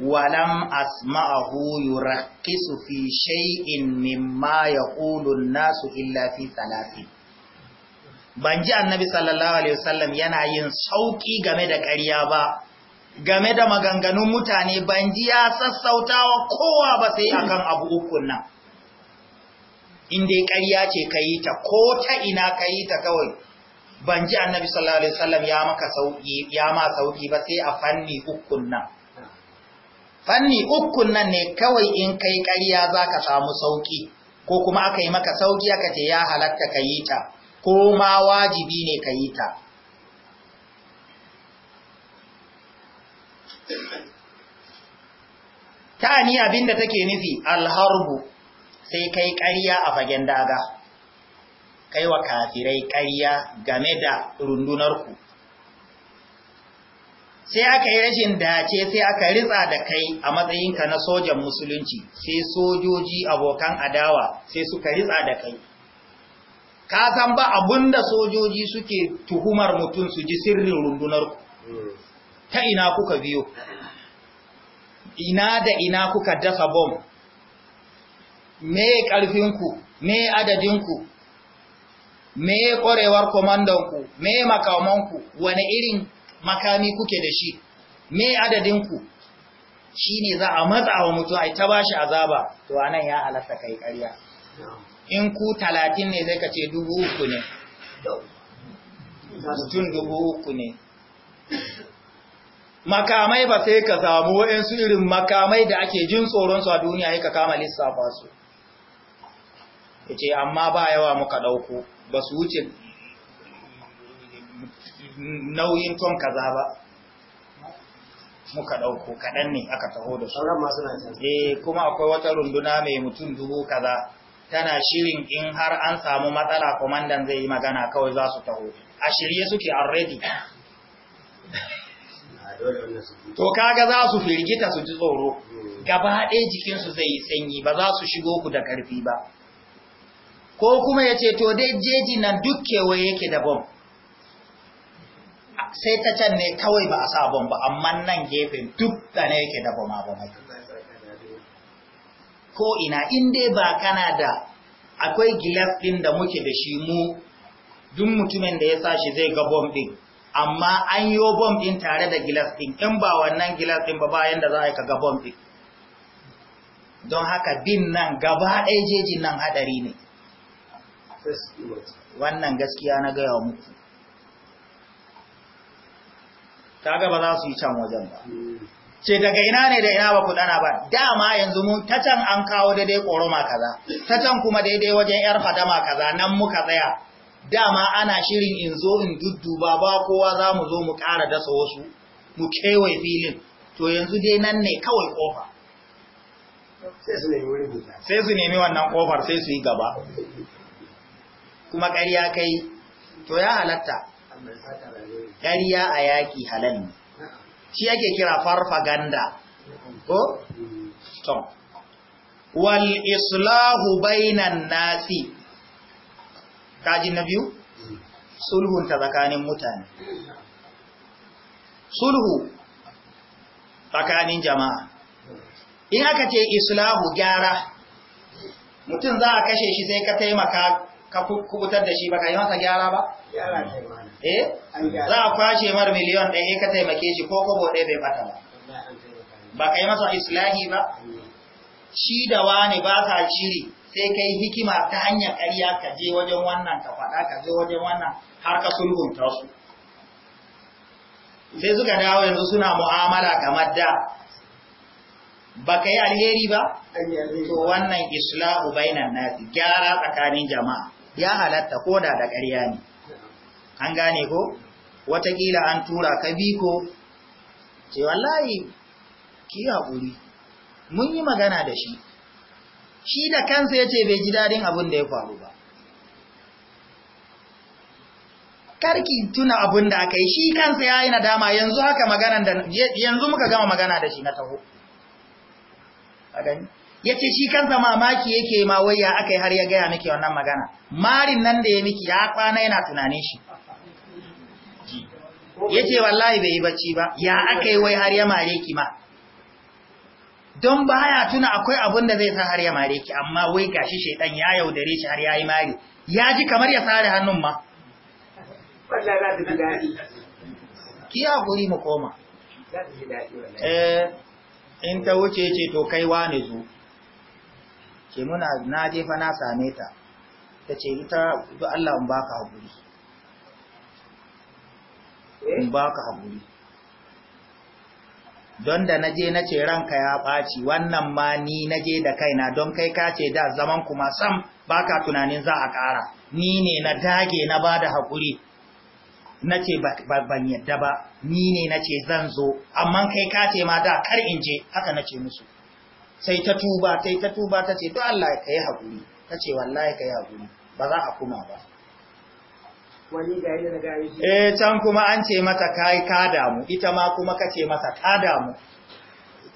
walam asma'ahu yurakkisu fi shay'in mimma yaqulu an-nasu illa fi thalathin ban ji annabi sallallahu alaihi wasallam yana yin sauki game da ƙarya ba game da maganganun mutane ban ji ya sassautawa kowa ba sai akan abu ukun nan in dai ƙarya ce kai ta ko ta ina kai ta kawai ban ji annabi sallallahu alaihi wasallam ya maka sauki ya ma sauki ba sai a fanni ukun nan fanni ukun nan ne kawai in kai ƙarya za ka samu sauƙi ko kuma aka yi maka sauƙi aka ce ya halatta ka yi ta ko ma wajibi ne ka yi ta ta ni abinda take nufi alharbu sai kai ƙarya a fagen daga kai wa kafirai ƙarya game da rundunarku sai aka yi rashin dace sai aka ritsa da kai a matsayinka na sojan musulunci sai sojoji abokan adawa sai suka ritsa da kai ka san ba da sojoji suke tuhumar mutum su ji sirrin rundunar ku ta ina kuka biyo ina da ina kuka dasa bom me ƙarfinku me adadinku me ƙwarewar komandanku me makamanku wani irin makami kuke da shi me adadinku shi ne za a matsa wa mutum a ta bashi azaba to anan ya halatta kai ƙarya in ku talatin ne zai kace dubu uku ne mutum dubu uku ne makamai ba sai ka samu waɗansu irin makamai da ake jin tsoronsu a duniya ya kama lissafa su ya ce amma ba yawa muka ɗauko ba su wuce nauyin ton kaza ba muka ɗauko kaɗan ne aka taho da su eh kuma akwai wata runduna mai mutum dubu kaza tana shirin in har an samu matsala kwamandan zai yi magana kawai za su taho a shirye suke already ah, to kaga za su firgita su ji tsoro hmm. gaba ɗaya su zai yi sanyi ba za su shigo ku da karfi ba ko kuma ya ce to dai jeji nan duk kewaye yake da bom sai ta can ne kawai ba a sa bomba amma nan gefen duk da ne yake da bama-bama. ko ina in dai ba kana da akwai gilas din da muke da shi mu duk mutumin da ya sa shi zai ga bom din amma an yo bom din tare da gilas din in ba wannan gilas din ba bayan da za a yi ka ga bom din don haka bin nan gaba ɗaya jejin nan hadari ne wannan gaskiya na gaya muku kaga ba za su yi can wajen ba hmm. ce daga ina ne da ina ba ku dana ba dama yanzu mun ta can an kawo daidai koroma kaza ta can kuma daidai wajen yar fadama kaza nan muka tsaya dama ana shirin in zo in dudduba ba kowa za mu zo mu ƙara dasa wasu mu kewaye filin to yanzu dai nan ne kawai kofa sai su nemi wannan kofar sai su yi gaba kuma ƙarya kai to ya halatta ƙarya a yaƙi halal ne shi yake kira farfaganda ko to wal islahu bainan nasi kaji na biyu sulhun ta tsakanin mutane sulhu tsakanin jama'a in aka ce islahu gyara mutum za a kashe shi sai ka taimaka ka kubutar da shi ba ka yi masa gyara ba? eh za a kwashe mar miliyon ɗaya ka taimake shi ko kobo ɗaya bai bata ba ba yi masa islahi ba shi da wani ba ka shiri sai kai hikima ta hanyar ƙarya ka je wajen wannan ka faɗa ka je wajen wannan har ka sulhunta su sai suka dawo yanzu suna mu'amala kamar da ba ka yi alheri ba to wannan islahu bainan nasi gyara tsakanin jama'a ya halatta ko da da ƙarya ne an gane ko watakila an tura ka bi ko ce wallahi ki haƙuri mun yi magana da shi shi da kansa ya ce bai ji daɗin abin da ya faru ba karki tuna abin da aka yi shi kansa ya yi dama yanzu haka magana da yanzu muka gama magana da shi na taho ya ce shi kansa mamaki yake ma wai aka yi har ya gaya miki wannan magana marin nan da ya miki ya kwana yana tunanin shi ya ce wallahi bai yi bacci ba ya aka yi wai har ya mare ki ma don baya tuna akwai abun da zai sa har ya mare ki amma wai gashi shaidan ya yaudare shi har ya yi mari ya ji kamar ya sare hannun ma ki guri mu koma eh in ta wuce ce to kai wani zu ke muna na jefa na same ta ta ce ita Allah in baka hakuri in ka haƙuri don da naje na ce ranka ya ɓaci wannan ma ni naje da kaina don kai ka ce da zaman kuma sam baka tunanin za a ƙara ni ne na dage na ba da haƙuri na ce ban yadda ba ni ne na ce zan zo amma kai ka ce ma da kar in je haka na ce musu sai ta tuba sai ta tuba ta ce to Allah ka yi haƙuri ta ce wallahi ka yi haƙuri ba za a kuma ba eh can kuma an ce mata kai ka damu ita ma kuma kace mata ka damu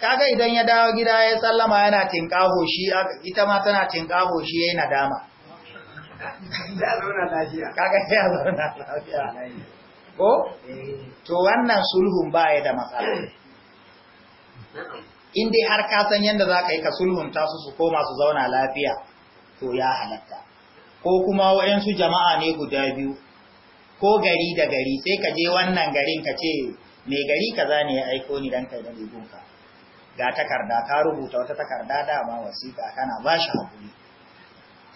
kaga idan ya dawo gida ya sallama yana tinkaho shi ita ma tana tinkaho shi yayin nadama ya zauna lafiya kaga ya zauna lafiya ko to wannan sulhun ba ya da matsala in dai har ka san yanda zaka yi ka sulhunta su su koma su zauna lafiya to ya halatta ko kuma wayansu jama'a ne guda biyu ko gari da gari sai ka je wannan garin ka ce mai gari kaza ne ya aiko ni dan kai da gunka ga takarda ka rubuta wata takarda dama wasiƙa kana ba shi hakuri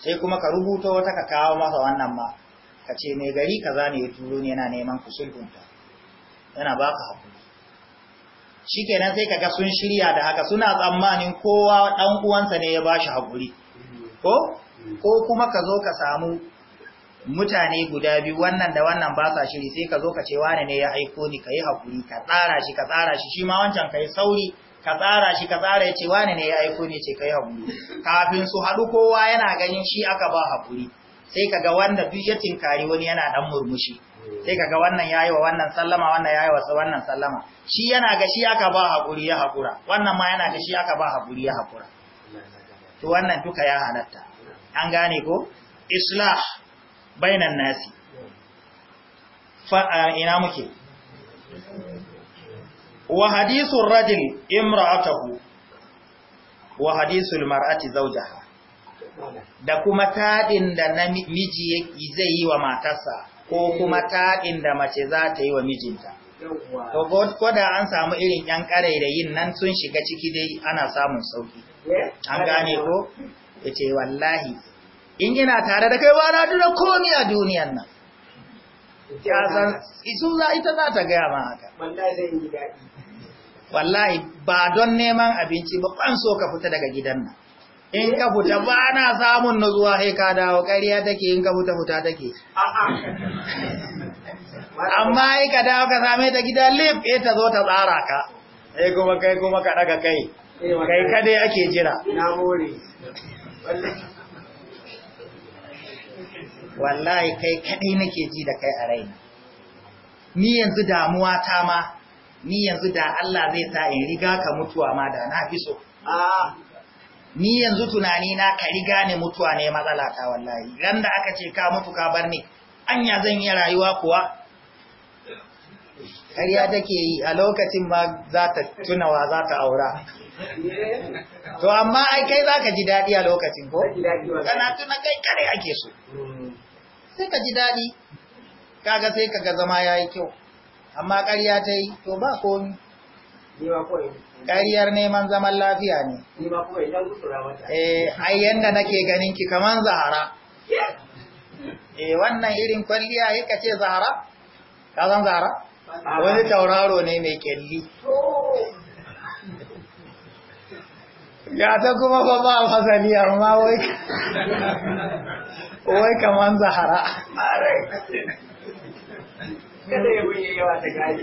sai kuma ka rubuta wata ka kawo masa wannan ma ka ce mai gari kaza ne ya turo ni yana neman ku sulhunta yana ba ka hakuri kenan sai kaga sun shirya da haka suna tsammanin kowa ɗan uwansa ne ya ba shi hakuri ko ko kuma ka zo ka samu mutane guda biyu wannan da wannan ba sa shiri sai ka zo ka ce wane ne ya aiko ni ka yi haƙuri ka tsara shi ka tsara shi shi ma wancan ka yi sauri ka tsara shi ka tsara ya ce wane ne ya aiko ni ce ka yi haƙuri kafin su haɗu kowa yana ganin shi aka ba haƙuri sai ka ga wanda duk ya tinkari wani yana ɗan murmushi sai ka ga wannan ya yi wa wannan sallama wannan ya yi wa wannan sallama shi yana ga shi aka ba haƙuri ya haƙura wannan ma yana ga shi aka ba haƙuri ya haƙura to wannan duka ya halatta an gane ko islah bainan nasi fa ina muke wa hadithur rajul imra'atuhu wa hadithul mar'ati zawjaha da kuma taɗin da namiji zai yi wa matarsa ko kuma taɗin da mace za ta yi wa mijinta. To, koda an samu irin ‘yan yin nan sun shiga ciki dai ana samun sauki. An gane ko? Ya ce, wallahi, in yana tare da kai ba na tuna komi a duniyan nan ya san isu za ita za ta gaya ma haka wallahi ba don neman abinci ba ban so ka fita daga gidan nan in ka fita ba na samun nutsuwa sai ka dawo ƙarya take in ka fita fita take amma ai ka dawo ka same ta gida lif eh ta zo ta tsara ka eh kuma kai kuma ka daga kai eh, kai kadai ake jira na more wallahi kai kadai nake ji da kai a raina ni yanzu damuwa ta ma ni yanzu da Allah zai sa in riga ka mutuwa ma da na fi so ah ni yanzu tunani na ka riga ne mutuwa ne matsala ta wallahi ran da aka ce ka mutu ka bar ni anya zan yi rayuwa kuwa Kariya take yi a lokacin ma za ta tunawa za ta aura to amma ai kai za ka ji daɗi a lokacin ko? kana tuna kai kare ake so sai ka ji daɗi kaga sai ga zama ya yi kyau amma ƙarya ta yi to ba komi ƙaryar neman zaman lafiya ne eh ai yadda nake ganin ki kaman zahara eh wannan irin kwalliya ka ce zahara ka san zahara wani tauraro ne mai kyalli ya oh! ta kuma ba ba fasaliyar ma wai wai kaman zahara kada ya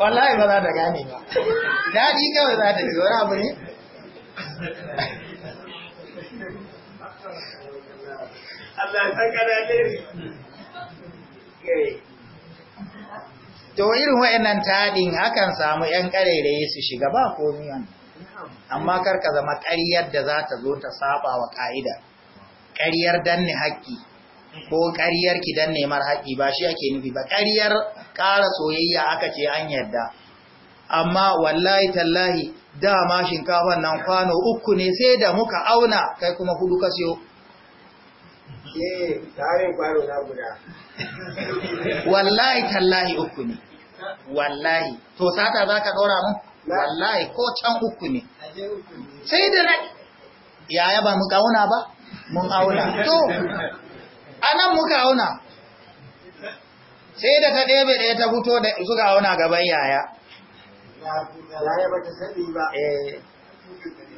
wallahi ba za ta gane ba daɗi kawai za ta ji abu ne To irin wa'annan taɗin hakan samu ‘yan ƙareraye su shiga ba komiyan amma karka zama ƙaryar da za ta zo ta saba wa ƙa'ida. ƙaryar danne haƙƙi ko ƙaryar ki danne mar haƙƙi ba shi ake nufi ba ƙaryar ƙara soyayya aka ce an yarda amma wallahi tallahi dama shinkafan nan kwano uku ne sai da muka auna kai kuma hudu ka siyo wallahi tallahi uku ne wallahi to sata za ka ɗora mu wallahi ko can uku ne sai da na yaya ba mu kauna ba mun auna to anan muka auna sai da ta ɗebe ɗaya ta fito da suka auna gaban yaya eh.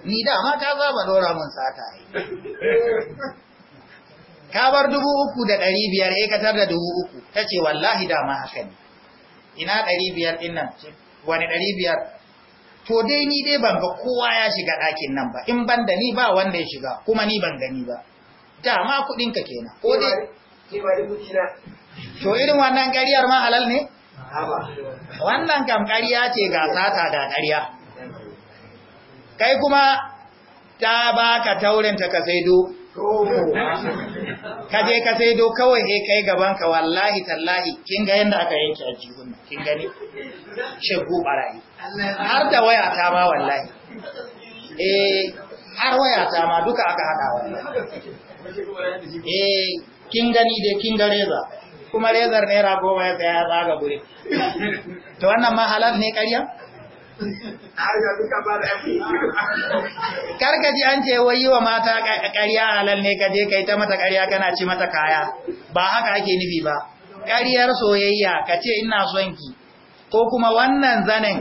ni dama ta zaba dora mun sata ka bar dubu uku da ɗari biyar ya eh, katar da dubu uku ta ce wallahi dama haka ne ina ɗari biyar ɗin nan wani ɗari biyar to dai ni dai ban ga kowa ya shiga ɗakin nan ba in ban da ni ba wanda ya shiga kuma ni ban gani ba dama kuɗinka kenan ko dai to irin wannan ƙaryar ma halal ne wannan kam ƙarya ce ga sata ga ƙarya kai kuma ta baka taurinta ka saido ka je ka saido kawai he kai gaban ka wallahi tallahi kin ga yanda aka yanke a jihun kin gani shegu barayi har da waya ta ma wallahi eh har waya ta ma duka aka hada wallahi eh kin gani da kin gare reza kuma rezar naira goma ya tsaya ya tsaga gure to wannan ma halal ne ƙarya Karkaji an ce wai yi wa mata ƙarya halal ne ka je kai ta mata ƙarya kana ci mata kaya ba haka ake nufi ba ƙaryar soyayya ka ce ina son ki ko kuma wannan zanen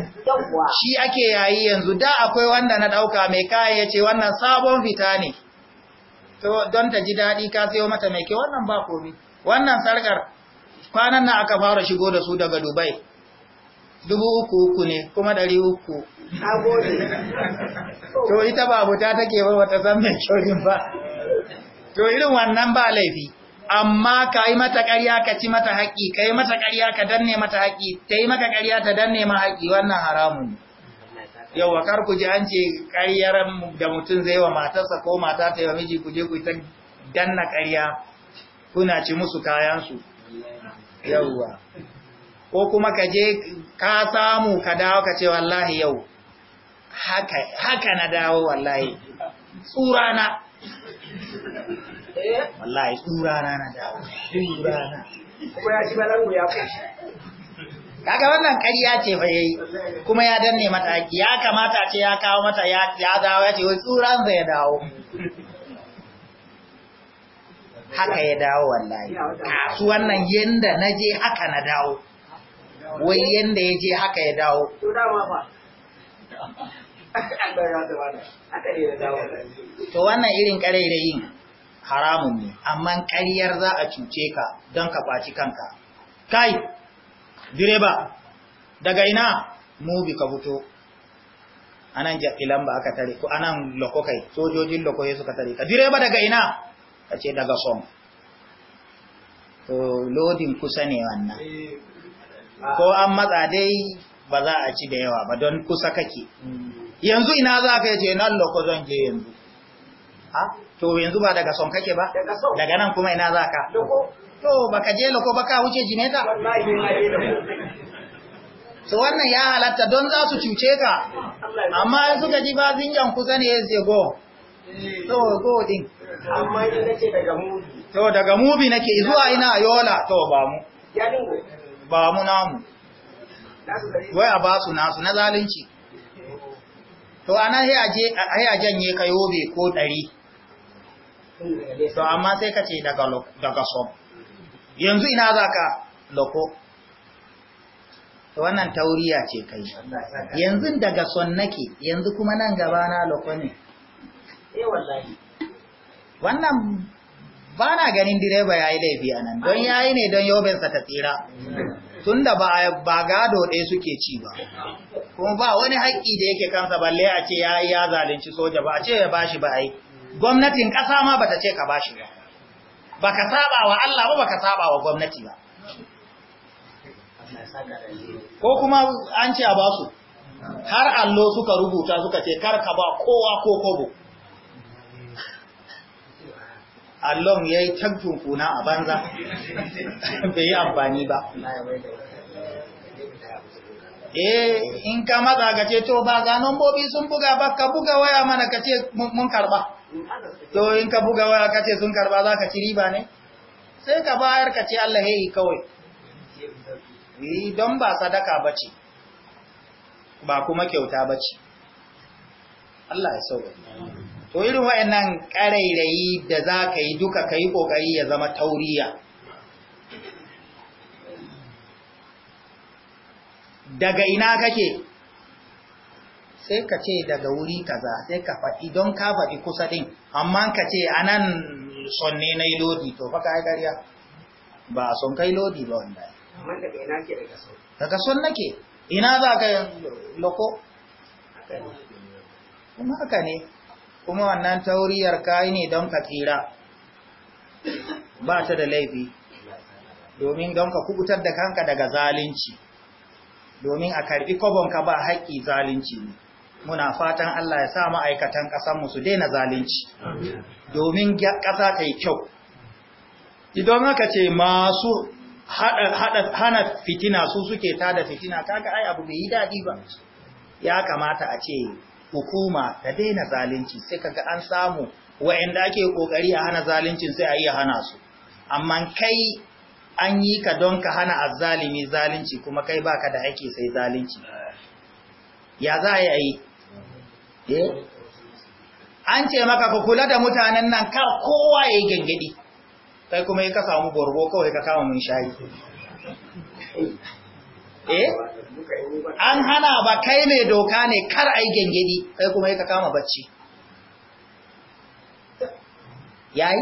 shi ake yayi yanzu da akwai wanda na ɗauka mai kaya yace wannan sabon fita ne don ta ji daɗi ka sayo mata mai ke wannan ba komai wannan sarƙar kwanan na aka fara shigo da su daga dubai dubu uku uku ne kuma ɗari uku to ita ba abuta take ba wata san mai kyaurin ba to irin wannan ba laifi amma ka yi mata ƙarya ka ci mata haƙi ka yi mata ƙarya ka danne mata haƙi ta yi maka ƙarya ta danne ma haƙi wannan haramun yau kar ku ji an ce ƙaryar da mutum zai wa matarsa ko mata ta yi wa miji ku je ku ta danna ƙarya kuna ci musu kayansu yauwa ko kuma ka je ka samu ka dawo ka ce wallahi yau haka na dawo wallahi tsura na Eh? wallahi tsura na na dawo tsura na kuma ya ci balangu ya koshi kaga wannan ƙarya ce fa yayi kuma ya danne mataki, ya kamata ce ya kawo mata ya ya dawo ya ce wai tsuran zai ya dawo haka ya dawo wallahi su wannan yanda naje haka na dawo wai yanda yaje haka ya dawo to to wannan irin ƙarairayin haramun ne amma ƙaryar za a cuce ka don ka ɓaci kanka kai direba daga ina mubi ka fito anan jakilan ba aka tare ko anan loko kai sojojin loko ya suka tare ka direba daga ina ka ce daga son. to lodin kusa ne wannan ko an matsa dai ba za a ci da yawa ba don kusa kake yanzu ina za ka yace nan loko zan je yanzu to yanzu ba daga son kake ba daga nan kuma ina za to baka je loko baka wuce jimeta to wannan ya halatta don za su cuce ka amma suka ji ba zinjan kusa ne ya go eh. to go din amma ina nake daga mubi to daga mubi nake zuwa ina yola to ba mu ba mu namu wai a ba su nasu na zalunci oh. to ana sai a janye kayobe yobe ko ɗari to amma sai ka ce daga som yanzu ina za ka loko to wannan tauriya ce kai yanzu daga son nake yanzu kuma nan gaba na loko ne eh, wannan ba na ganin direba ya yi laifi a nan don ya yi ne don yobinsa ta tsira tun da ba gado ɗaya suke ci ba kuma ba wani haƙƙi da yake kansa balle a ce ya yi ya zalunci soja ba a ce ya bashi ba ai gwamnatin ƙasa ma ba ta ce ka bashi ba ba ka saba wa Allah ba ka saba wa gwamnati ba ko kuma an ce a basu har allo suka rubuta suka ce kar ka ba kowa ko kobo allon ya yi tankin kuna a banza bai yi amfani ba eh in ka matsa ka ce to ba ga nombobi sun buga ba ka buga waya mana ka ce mun karba to in ka buga waya ka ce sun karba za ka ci riba ne sai ka bayar ka ce Allah ya yi kawai eh, don ba sadaka ba ce ba kuma kyauta ba ce Allah ya sauwa. to irin wa'annan ƙarairayi da za ka yi duka ka yi ƙoƙari ya zama tauriya daga ina kake sai ka ce daga wuri kaza sai ka faɗi don ka faɗi kusa ɗin amma ka ce a nan sonne na yi lodi to fa ka ƙarya ba a son kai lodi ba wanda daga son nake ina za ka loko kuma haka ne kuma wannan tauriyar yi ne don ka tsira ba ta da laifi domin don ka kubutar da kanka daga zalunci domin a karbi ka ba haƙƙi zalunci ne muna fatan Allah ya sa ma'aikatan ƙasanmu su daina zalunci domin ƙasa ta yi kyau idan haka ce masu hana fitina su suke ta da fitina kaga ai abu bai daɗi ba ya kamata a ce hukuma ta daina zalunci sai ga an samu wayanda ake kokari a hana zaluncin sai a iya hana su amma kai an yi ka don ka hana azzalimi zalunci kuma kai baka da ake sai zalunci ya za a yi Eh? an ce maka ka kula da mutanen nan kar kowa ya yi gangadi Sai kuma ya samu borgo kawai ka kama mun shayi eh an hana ba kai mai doka ne kar a yi gangadi Sai kuma ya kama bacci yayi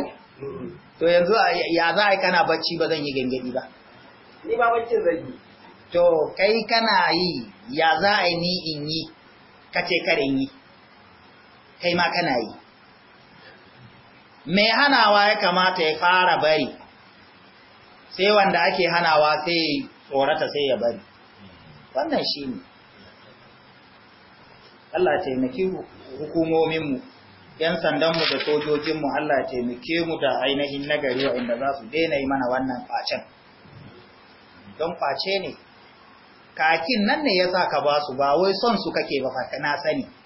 to yanzu ya za a yi kana bacci ba zan yi gangadi ba ni ba baccin zan yi to kai kana yi ya za a yi ni in yi kace kar in yi kai ma kana yi mai hanawa ya kamata ya fara bari sai wanda ake hanawa sai tsorata sai ya bari wannan shi ne Allah taimaki hukumominmu ‘yan sandanmu da sojojinmu Allah taimake mu da ainihin nagari inda za su daina yi mana wannan ƙwacen don ƙwace ne kakin nan ne ya sa ka ba su ba wai son su kake ba fata na sani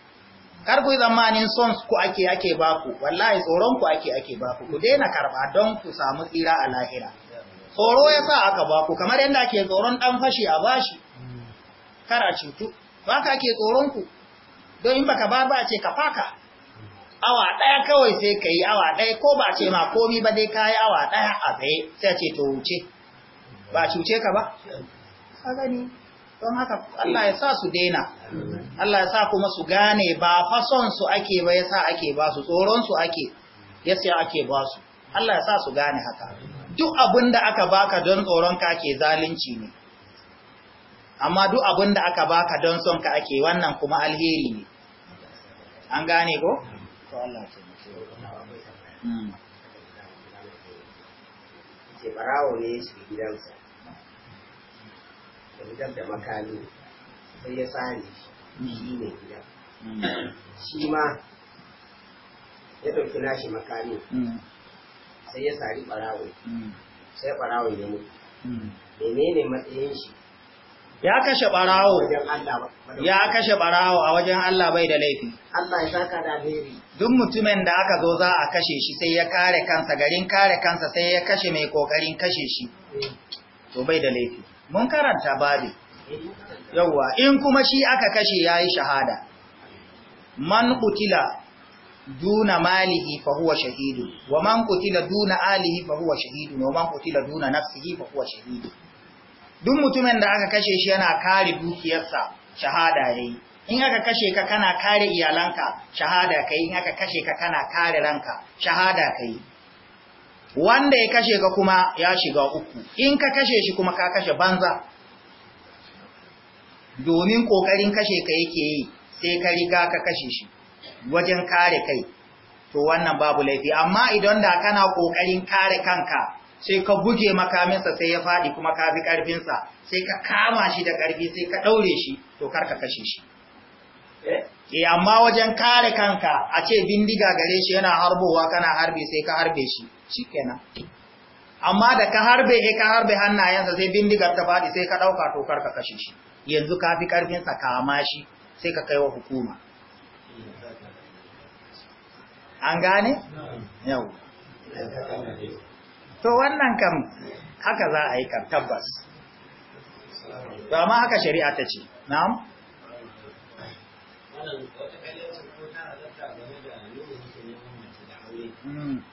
kar ku yi tsammanin son ku ake ake baku wallahi tsoron ku ake ake baku ku daina karba don ku samu tsira a lahira tsoro ya sa aka baku kamar yadda ake tsoron dan fashi a bashi kar a cutu ba ka ake tsoron ku don in baka ba ba ce ka faka awa ɗaya kawai sai ka yi awa ɗaya ko ba ce ma komi ba dai ka yi awa ɗaya a bai, sai ce to wuce ba cuce ka ba ka gani don haka Allah ya sa su daina Allah ya sa kuma su gane ba fa son su ake ba yasa ake ba su tsoron su ake yasa ake ba su Allah ya sa su gane haka duk abinda aka baka don tsoron ka ake zalunci ne amma duk abinda aka baka don son ka ake wannan kuma alheri ne an gane ko to Allah ya ce hmm. barawo ne shi gidansa fitar da makami sai ya tsari shi ne gida shi ma ya ɗauki nashi makami sai ya tsari ɓarawo sai ɓarawo ya mutu menene matsayin shi ya kashe barawo ya kashe barawo a wajen Allah bai da laifi Allah ya saka da alheri duk mutumin da aka zo za a kashe shi sai ya kare kansa garin kare kansa sai ya kashe mai kokarin kashe shi eh. to bai da laifi mun karanta babi yawwa in kuma shi aka kashe yayi shahada man qutila duna malihi fa huwa shahidun wa man qutila duna alihi fa huwa shahidun wa man qutila duna nafsihi fa huwa shahidun duk mutumin da aka kashe shi yana kare dukiyarsa shahada yayi in aka kashe ka kana kare iyalanka shahada kai in aka kashe ka kana kare ranka shahada kai wanda ya kashe ka kuma ya shiga uku in ka kashe shi kuma ka kashe banza domin kokarin kashe ka yake yi sai ka riga ka kashe shi wajen kare kai to wannan babu laifi amma idan da kana kokarin kare kanka sai ka buge makaminsa sai ya faɗi kuma ka fi ƙarfinsa sai ka kama shi da ƙarfi sai ka ɗaure shi to kar ka kashe shi eh? eh amma wajen kare kanka a ce bindiga gare shi yana harbowa kana harbe sai ka harbe shi kenan amma da ka harbe he ka harbe hannayensa sai bindigar ta faɗi sai ka ɗauka tokar ka kashe shi yanzu ka fi ƙarfinsa kama shi sai ka kai wa hukuma an gane? yau to wannan kam haka za a yi kan tabbas ba ma haka shari'a ta ce na'am? wannan wata game da da aure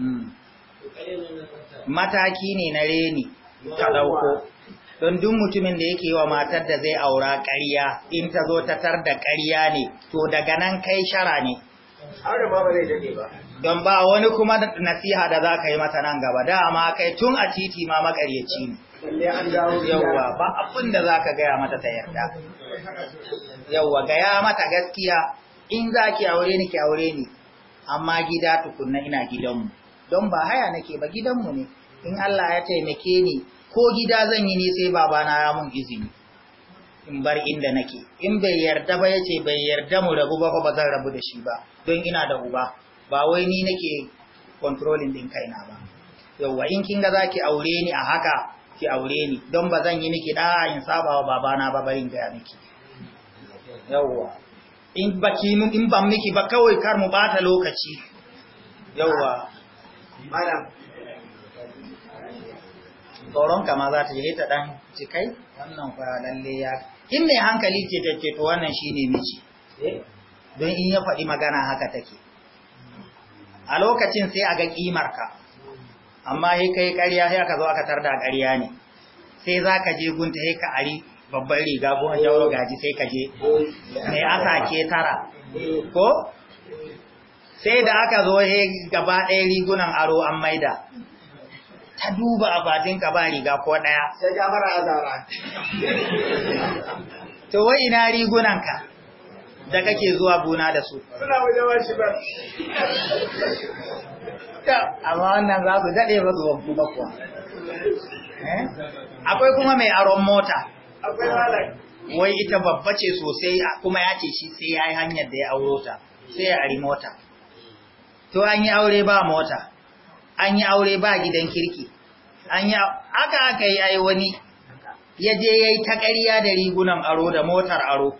Hmm. mataki ne na reni ka dauko don duk mutumin da yake wa matar da zai aura ƙarya in ta zo ta tar da ƙarya ne to daga nan kai shara ne don ba wani kuma nasiha da za ka yi mata nan gaba dama kai tun a titi ma makaryaci ne yauwa ba abin da za ka gaya mata ta yarda yauwa gaya mata gaskiya in za ki aure ni ki aure ni amma gida tukunna ina gidanmu don ba haya nake ba gidan mu ne in Allah ya taimake ni ko gida zan yi ni sai babana ya mun izini in bar inda nake in bai yarda ba yace bai yarda mu rabu ba ba zan rabu da shi ba don ina da uba ba wai ni nake controlling din kaina ba yawwa in kin ga zaki aure ni a haka ki aure ni don ba zan yi miki da in saba wa babana ba bayin ga miki yawwa in ki mun in ban miki ba kawai kar mu bata lokaci yawa madam tsoron ma za ta je ta dan cikai wannan fa lalle ya in mai hankali ce take to wannan shine miji eh? don in ya faɗi magana haka take a lokacin sai a ga kimar ka amma sai kai ƙarya sai aka zo aka tarda ƙarya ne sai zaka je gunta sai ka ari babban riga ko an jawo gaji sai kaje, mai asa ke tara ko sai da aka zo he gaba ɗaya rigunan aro an maida ta duba akwatin ka ba riga ko ɗaya sai ka fara azara to wai ina rigunan ka da kake zuwa gona da su suna wajen washi ba amma wannan za ku daɗe ba zuwa kuma kuwa eh? akwai kuma mai aron mota wai ita babba ce sosai kuma ya ce shi sai ya yi hanyar da ya auro ta sai ya ari mota to an yi aure ba mota an yi aure ba gidan kirki an yi aka aka yi ai wani ya je ya yi ta ƙarya da rigunan aro da motar aro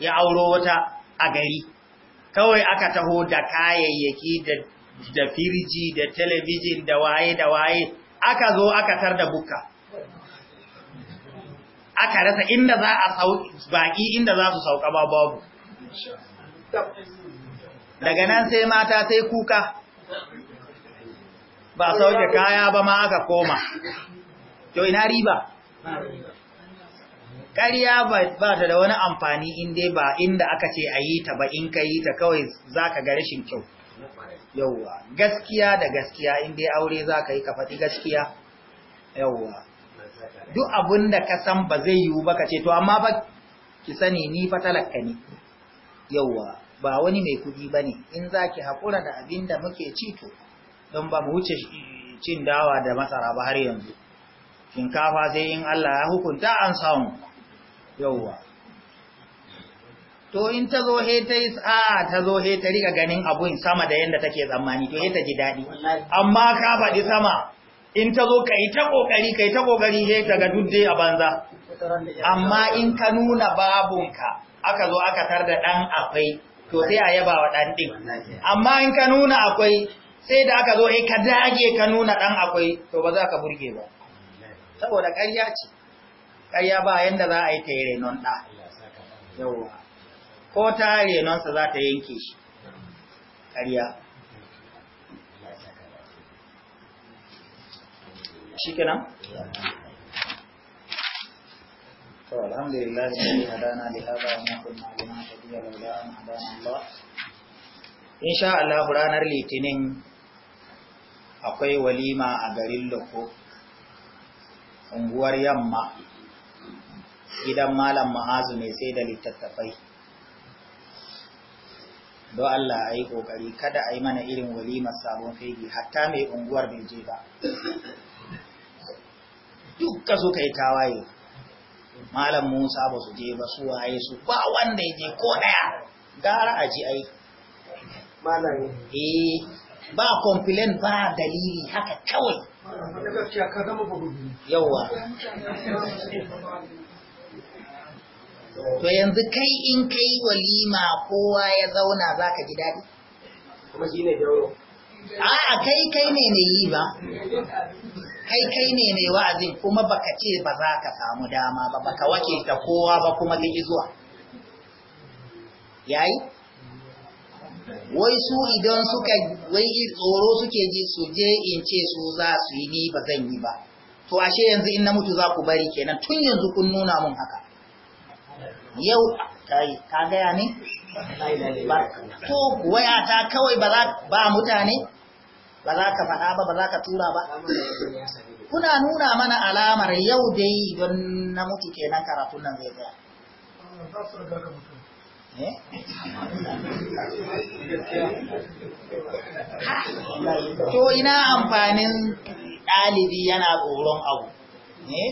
ya auro wata a gari kawai aka taho da kayayyaki da da firiji da talabijin da waye da waye aka zo aka tar da buka aka rasa inda za a baki inda za su sauka ba babu daga nan sai mata sai kuka ba sauke kaya ba ma aka koma to ina riba ƙarya ba ta da wani amfani inda ba inda aka ce a yi ta ba in ka yi ta kawai za ka ga rashin kyau yauwa gaskiya da gaskiya inda aure za ka yi ka faɗi gaskiya yauwa duk abin da ka san ba zai yiwu ba ka ce to amma ba ki sani ni fa talaka ne yauwa ba wani mai kudi bane ne in za ki haƙura da abinda muke ci to don ba mu wuce cin dawa da masara ba har yanzu shinkafa sai in Allah ya hukunta an samu yauwa to in ta zo he ta yi sa'a ta zo he ta rika ganin abun sama da yadda take tsammani to he ta ji daɗi amma ka faɗi sama in ta zo ka yi ta ƙoƙari ka yi ta ƙoƙari sai ta ga dudde a banza amma in ka nuna babunka aka zo aka tar da ɗan akwai to sai a yaba wa ɗan ɗin amma in ka nuna akwai sai da aka zo e ka dage ka nuna ɗan akwai to ba za ka burge ba saboda ƙarya ce ƙarya ba yanda za a yi ta yi renon ɗa ko ta renonsa za ta yanke shi ƙarya shikenan to alhamdulillah ne hadana li hada tabiya an hadana Allah insha Allah ranar litinin akwai walima a garin Loko unguwar yamma gidan malam ma'azu ne sai da littattafai don Allah a yi ƙoƙari kada a yi mana irin walimar sabon fegi hatta mai unguwar bai je ba duk ka zo ka yi tawaye malam musa ba su je ba su waye su ba wanda ya je ko daya gara a ji ai malam eh ba complain ba dalili haka kawai yawa to yanzu kai in kai walima kowa ya zauna za ka ji daɗi kuma shi ne jauro a kai kai ne ne yi ba kai kai ne mai wa'azi kuma baka ce ba za ka samu dama ba baka wake ta kowa ba kuma ki zuwa yayi wai su idan suka wai tsoro suke ji su je in ce su za su yi ni ba zan yi ba to ashe yanzu in na mutu za ku bari kenan tun yanzu kun nuna mun haka yau kai ka gaya ne to waya ta kawai ba ba mutane ba za ka faɗa ba ba za ka tura ba kuna nuna mana alamar yau dai don na mutu kenan karatun nan zai tsaya eh? to ina amfanin ɗalibi yana tsoron abu eh?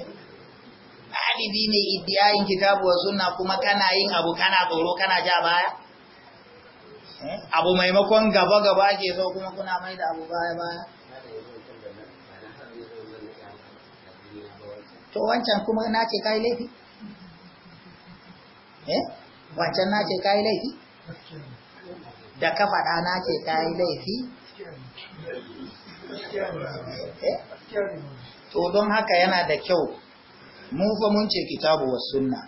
ɗalibi mai iddiyayin kitabuwa suna kuma kana yin abu kana tsoro kana ja baya abu maimakon gaba-gaba ke so kuma kuna mai da abu baya-baya to wancan kuma na ce kai laifi eh wancan na ce kai laifi da ka faɗa na ce kai laifi eh? to don haka yana da kyau mu fa mun ce kitabu wa sunna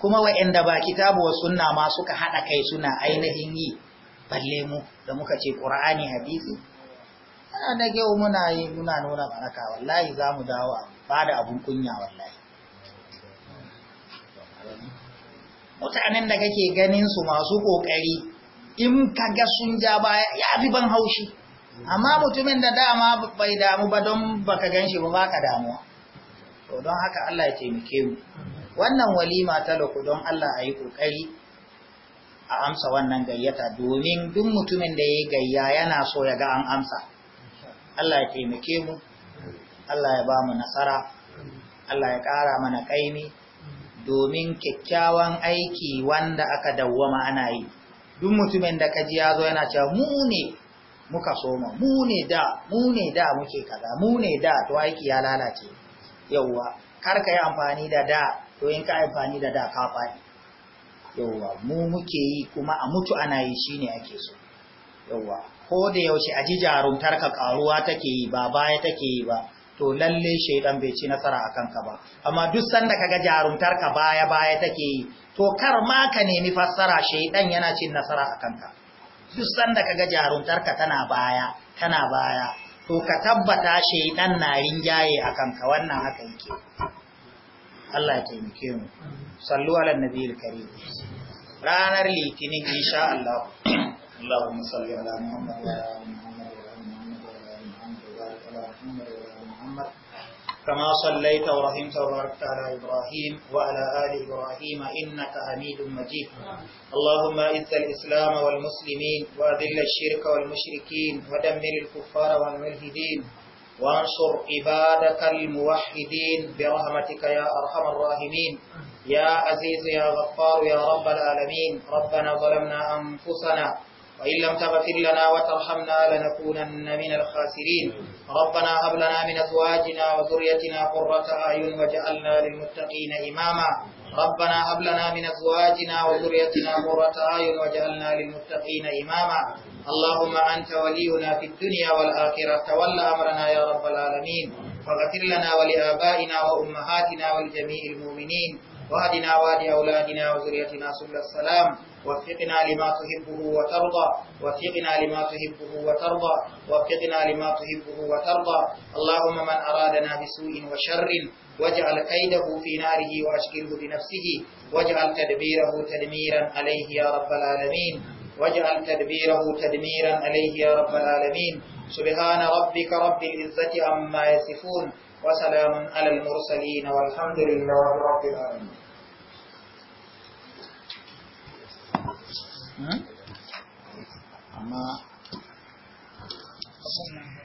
kuma wa'anda ba kitabu wa sunna ma suka haɗa kai suna ainihin yi balle mu da muka ce qur'ani hadisi ana da muna yi muna nuna baraka wallahi za mu dawo ba da abun kunya wallahi mutanen da kake ganin su masu ƙoƙari in kaga sun ja baya ya fi ban haushi amma mutumin da dama bai damu ba don baka ganshi ba baka damuwa to don haka Allah ya taimake mu wannan walima ta loku don Allah a yi ƙoƙari a amsa wannan gayyata domin duk mutumin da ya gayya yana so ya ga an amsa Allah ya taimake mu Allah ya ba mu nasara Allah ya ƙara mana ƙaimi domin kyakkyawan aiki wanda aka dawwama ana yi duk mutumin da kaji ya zo yana cewa mu ne muka soma mu ne da mu ne da muke kaza mu ne da to aiki ya lalace yauwa kar ka yi amfani da da to in ka amfani da da ka faɗi yauwa mu muke yi kuma a mutu ana yi shine ake so yauwa ko da yaushe a ji jarumtarka ka karuwa take yi ba baya take yi ba to lalle shaidan bai ci nasara akan ka ba amma duk sanda kaga jarumtar ka baya baya take yi to kar ma ka nemi fassara shaiɗan yana cin nasara akan ka duk sanda kaga jarumtar ka tana baya tana baya to ka tabbata shaiɗan na rinjaye akan ka wannan haka yake Allah ya taimake mu sallu ala nabiyil karim ranar litinin insha Allah Allahumma salli ala Muhammad wa ala Muhammad wa ala Muhammad wa ala Muhammad wa ala Muhammad wa ala Muhammad كما صليت ورحمت وباركت على إبراهيم وعلى آل إبراهيم إنك حميد مجيد اللهم إذ الإسلام والمسلمين وأذل الشرك والمشركين ودمر الكفار والملحدين وانصر عبادك الموحدين برحمتك يا أرحم الراحمين يا عزيز يا غفار يا رب العالمين ربنا ظلمنا أنفسنا وإن لم تغفر لنا وترحمنا لنكونن من الخاسرين ربنا هب لنا من أزواجنا وذريتنا قرة أعين وجعلنا للمتقين إماما ربنا هب لنا من أزواجنا وذريتنا قرة أعين وجعلنا للمتقين إماما اللهم أنت ولينا في الدنيا والآخرة تولى أمرنا يا رب العالمين فاغفر لنا ولآبائنا وأمهاتنا ولجميع المؤمنين وهدنا وهد أولادنا وذريتنا سبل السلام وفقنا لما تحبه وترضى وفقنا لما تحبه وترضى وفقنا لما تحبه وترضى اللهم من أرادنا بسوء وشر واجعل كيده في ناره وأشكله بنفسه واجعل تدبيره تدميرا عليه يا رب العالمين واجعل تدبيره تدميرا عليه يا رب العالمين سبحان ربك رب العزة عما يصفون وسلام على المرسلين والحمد لله رب العالمين أما hmm?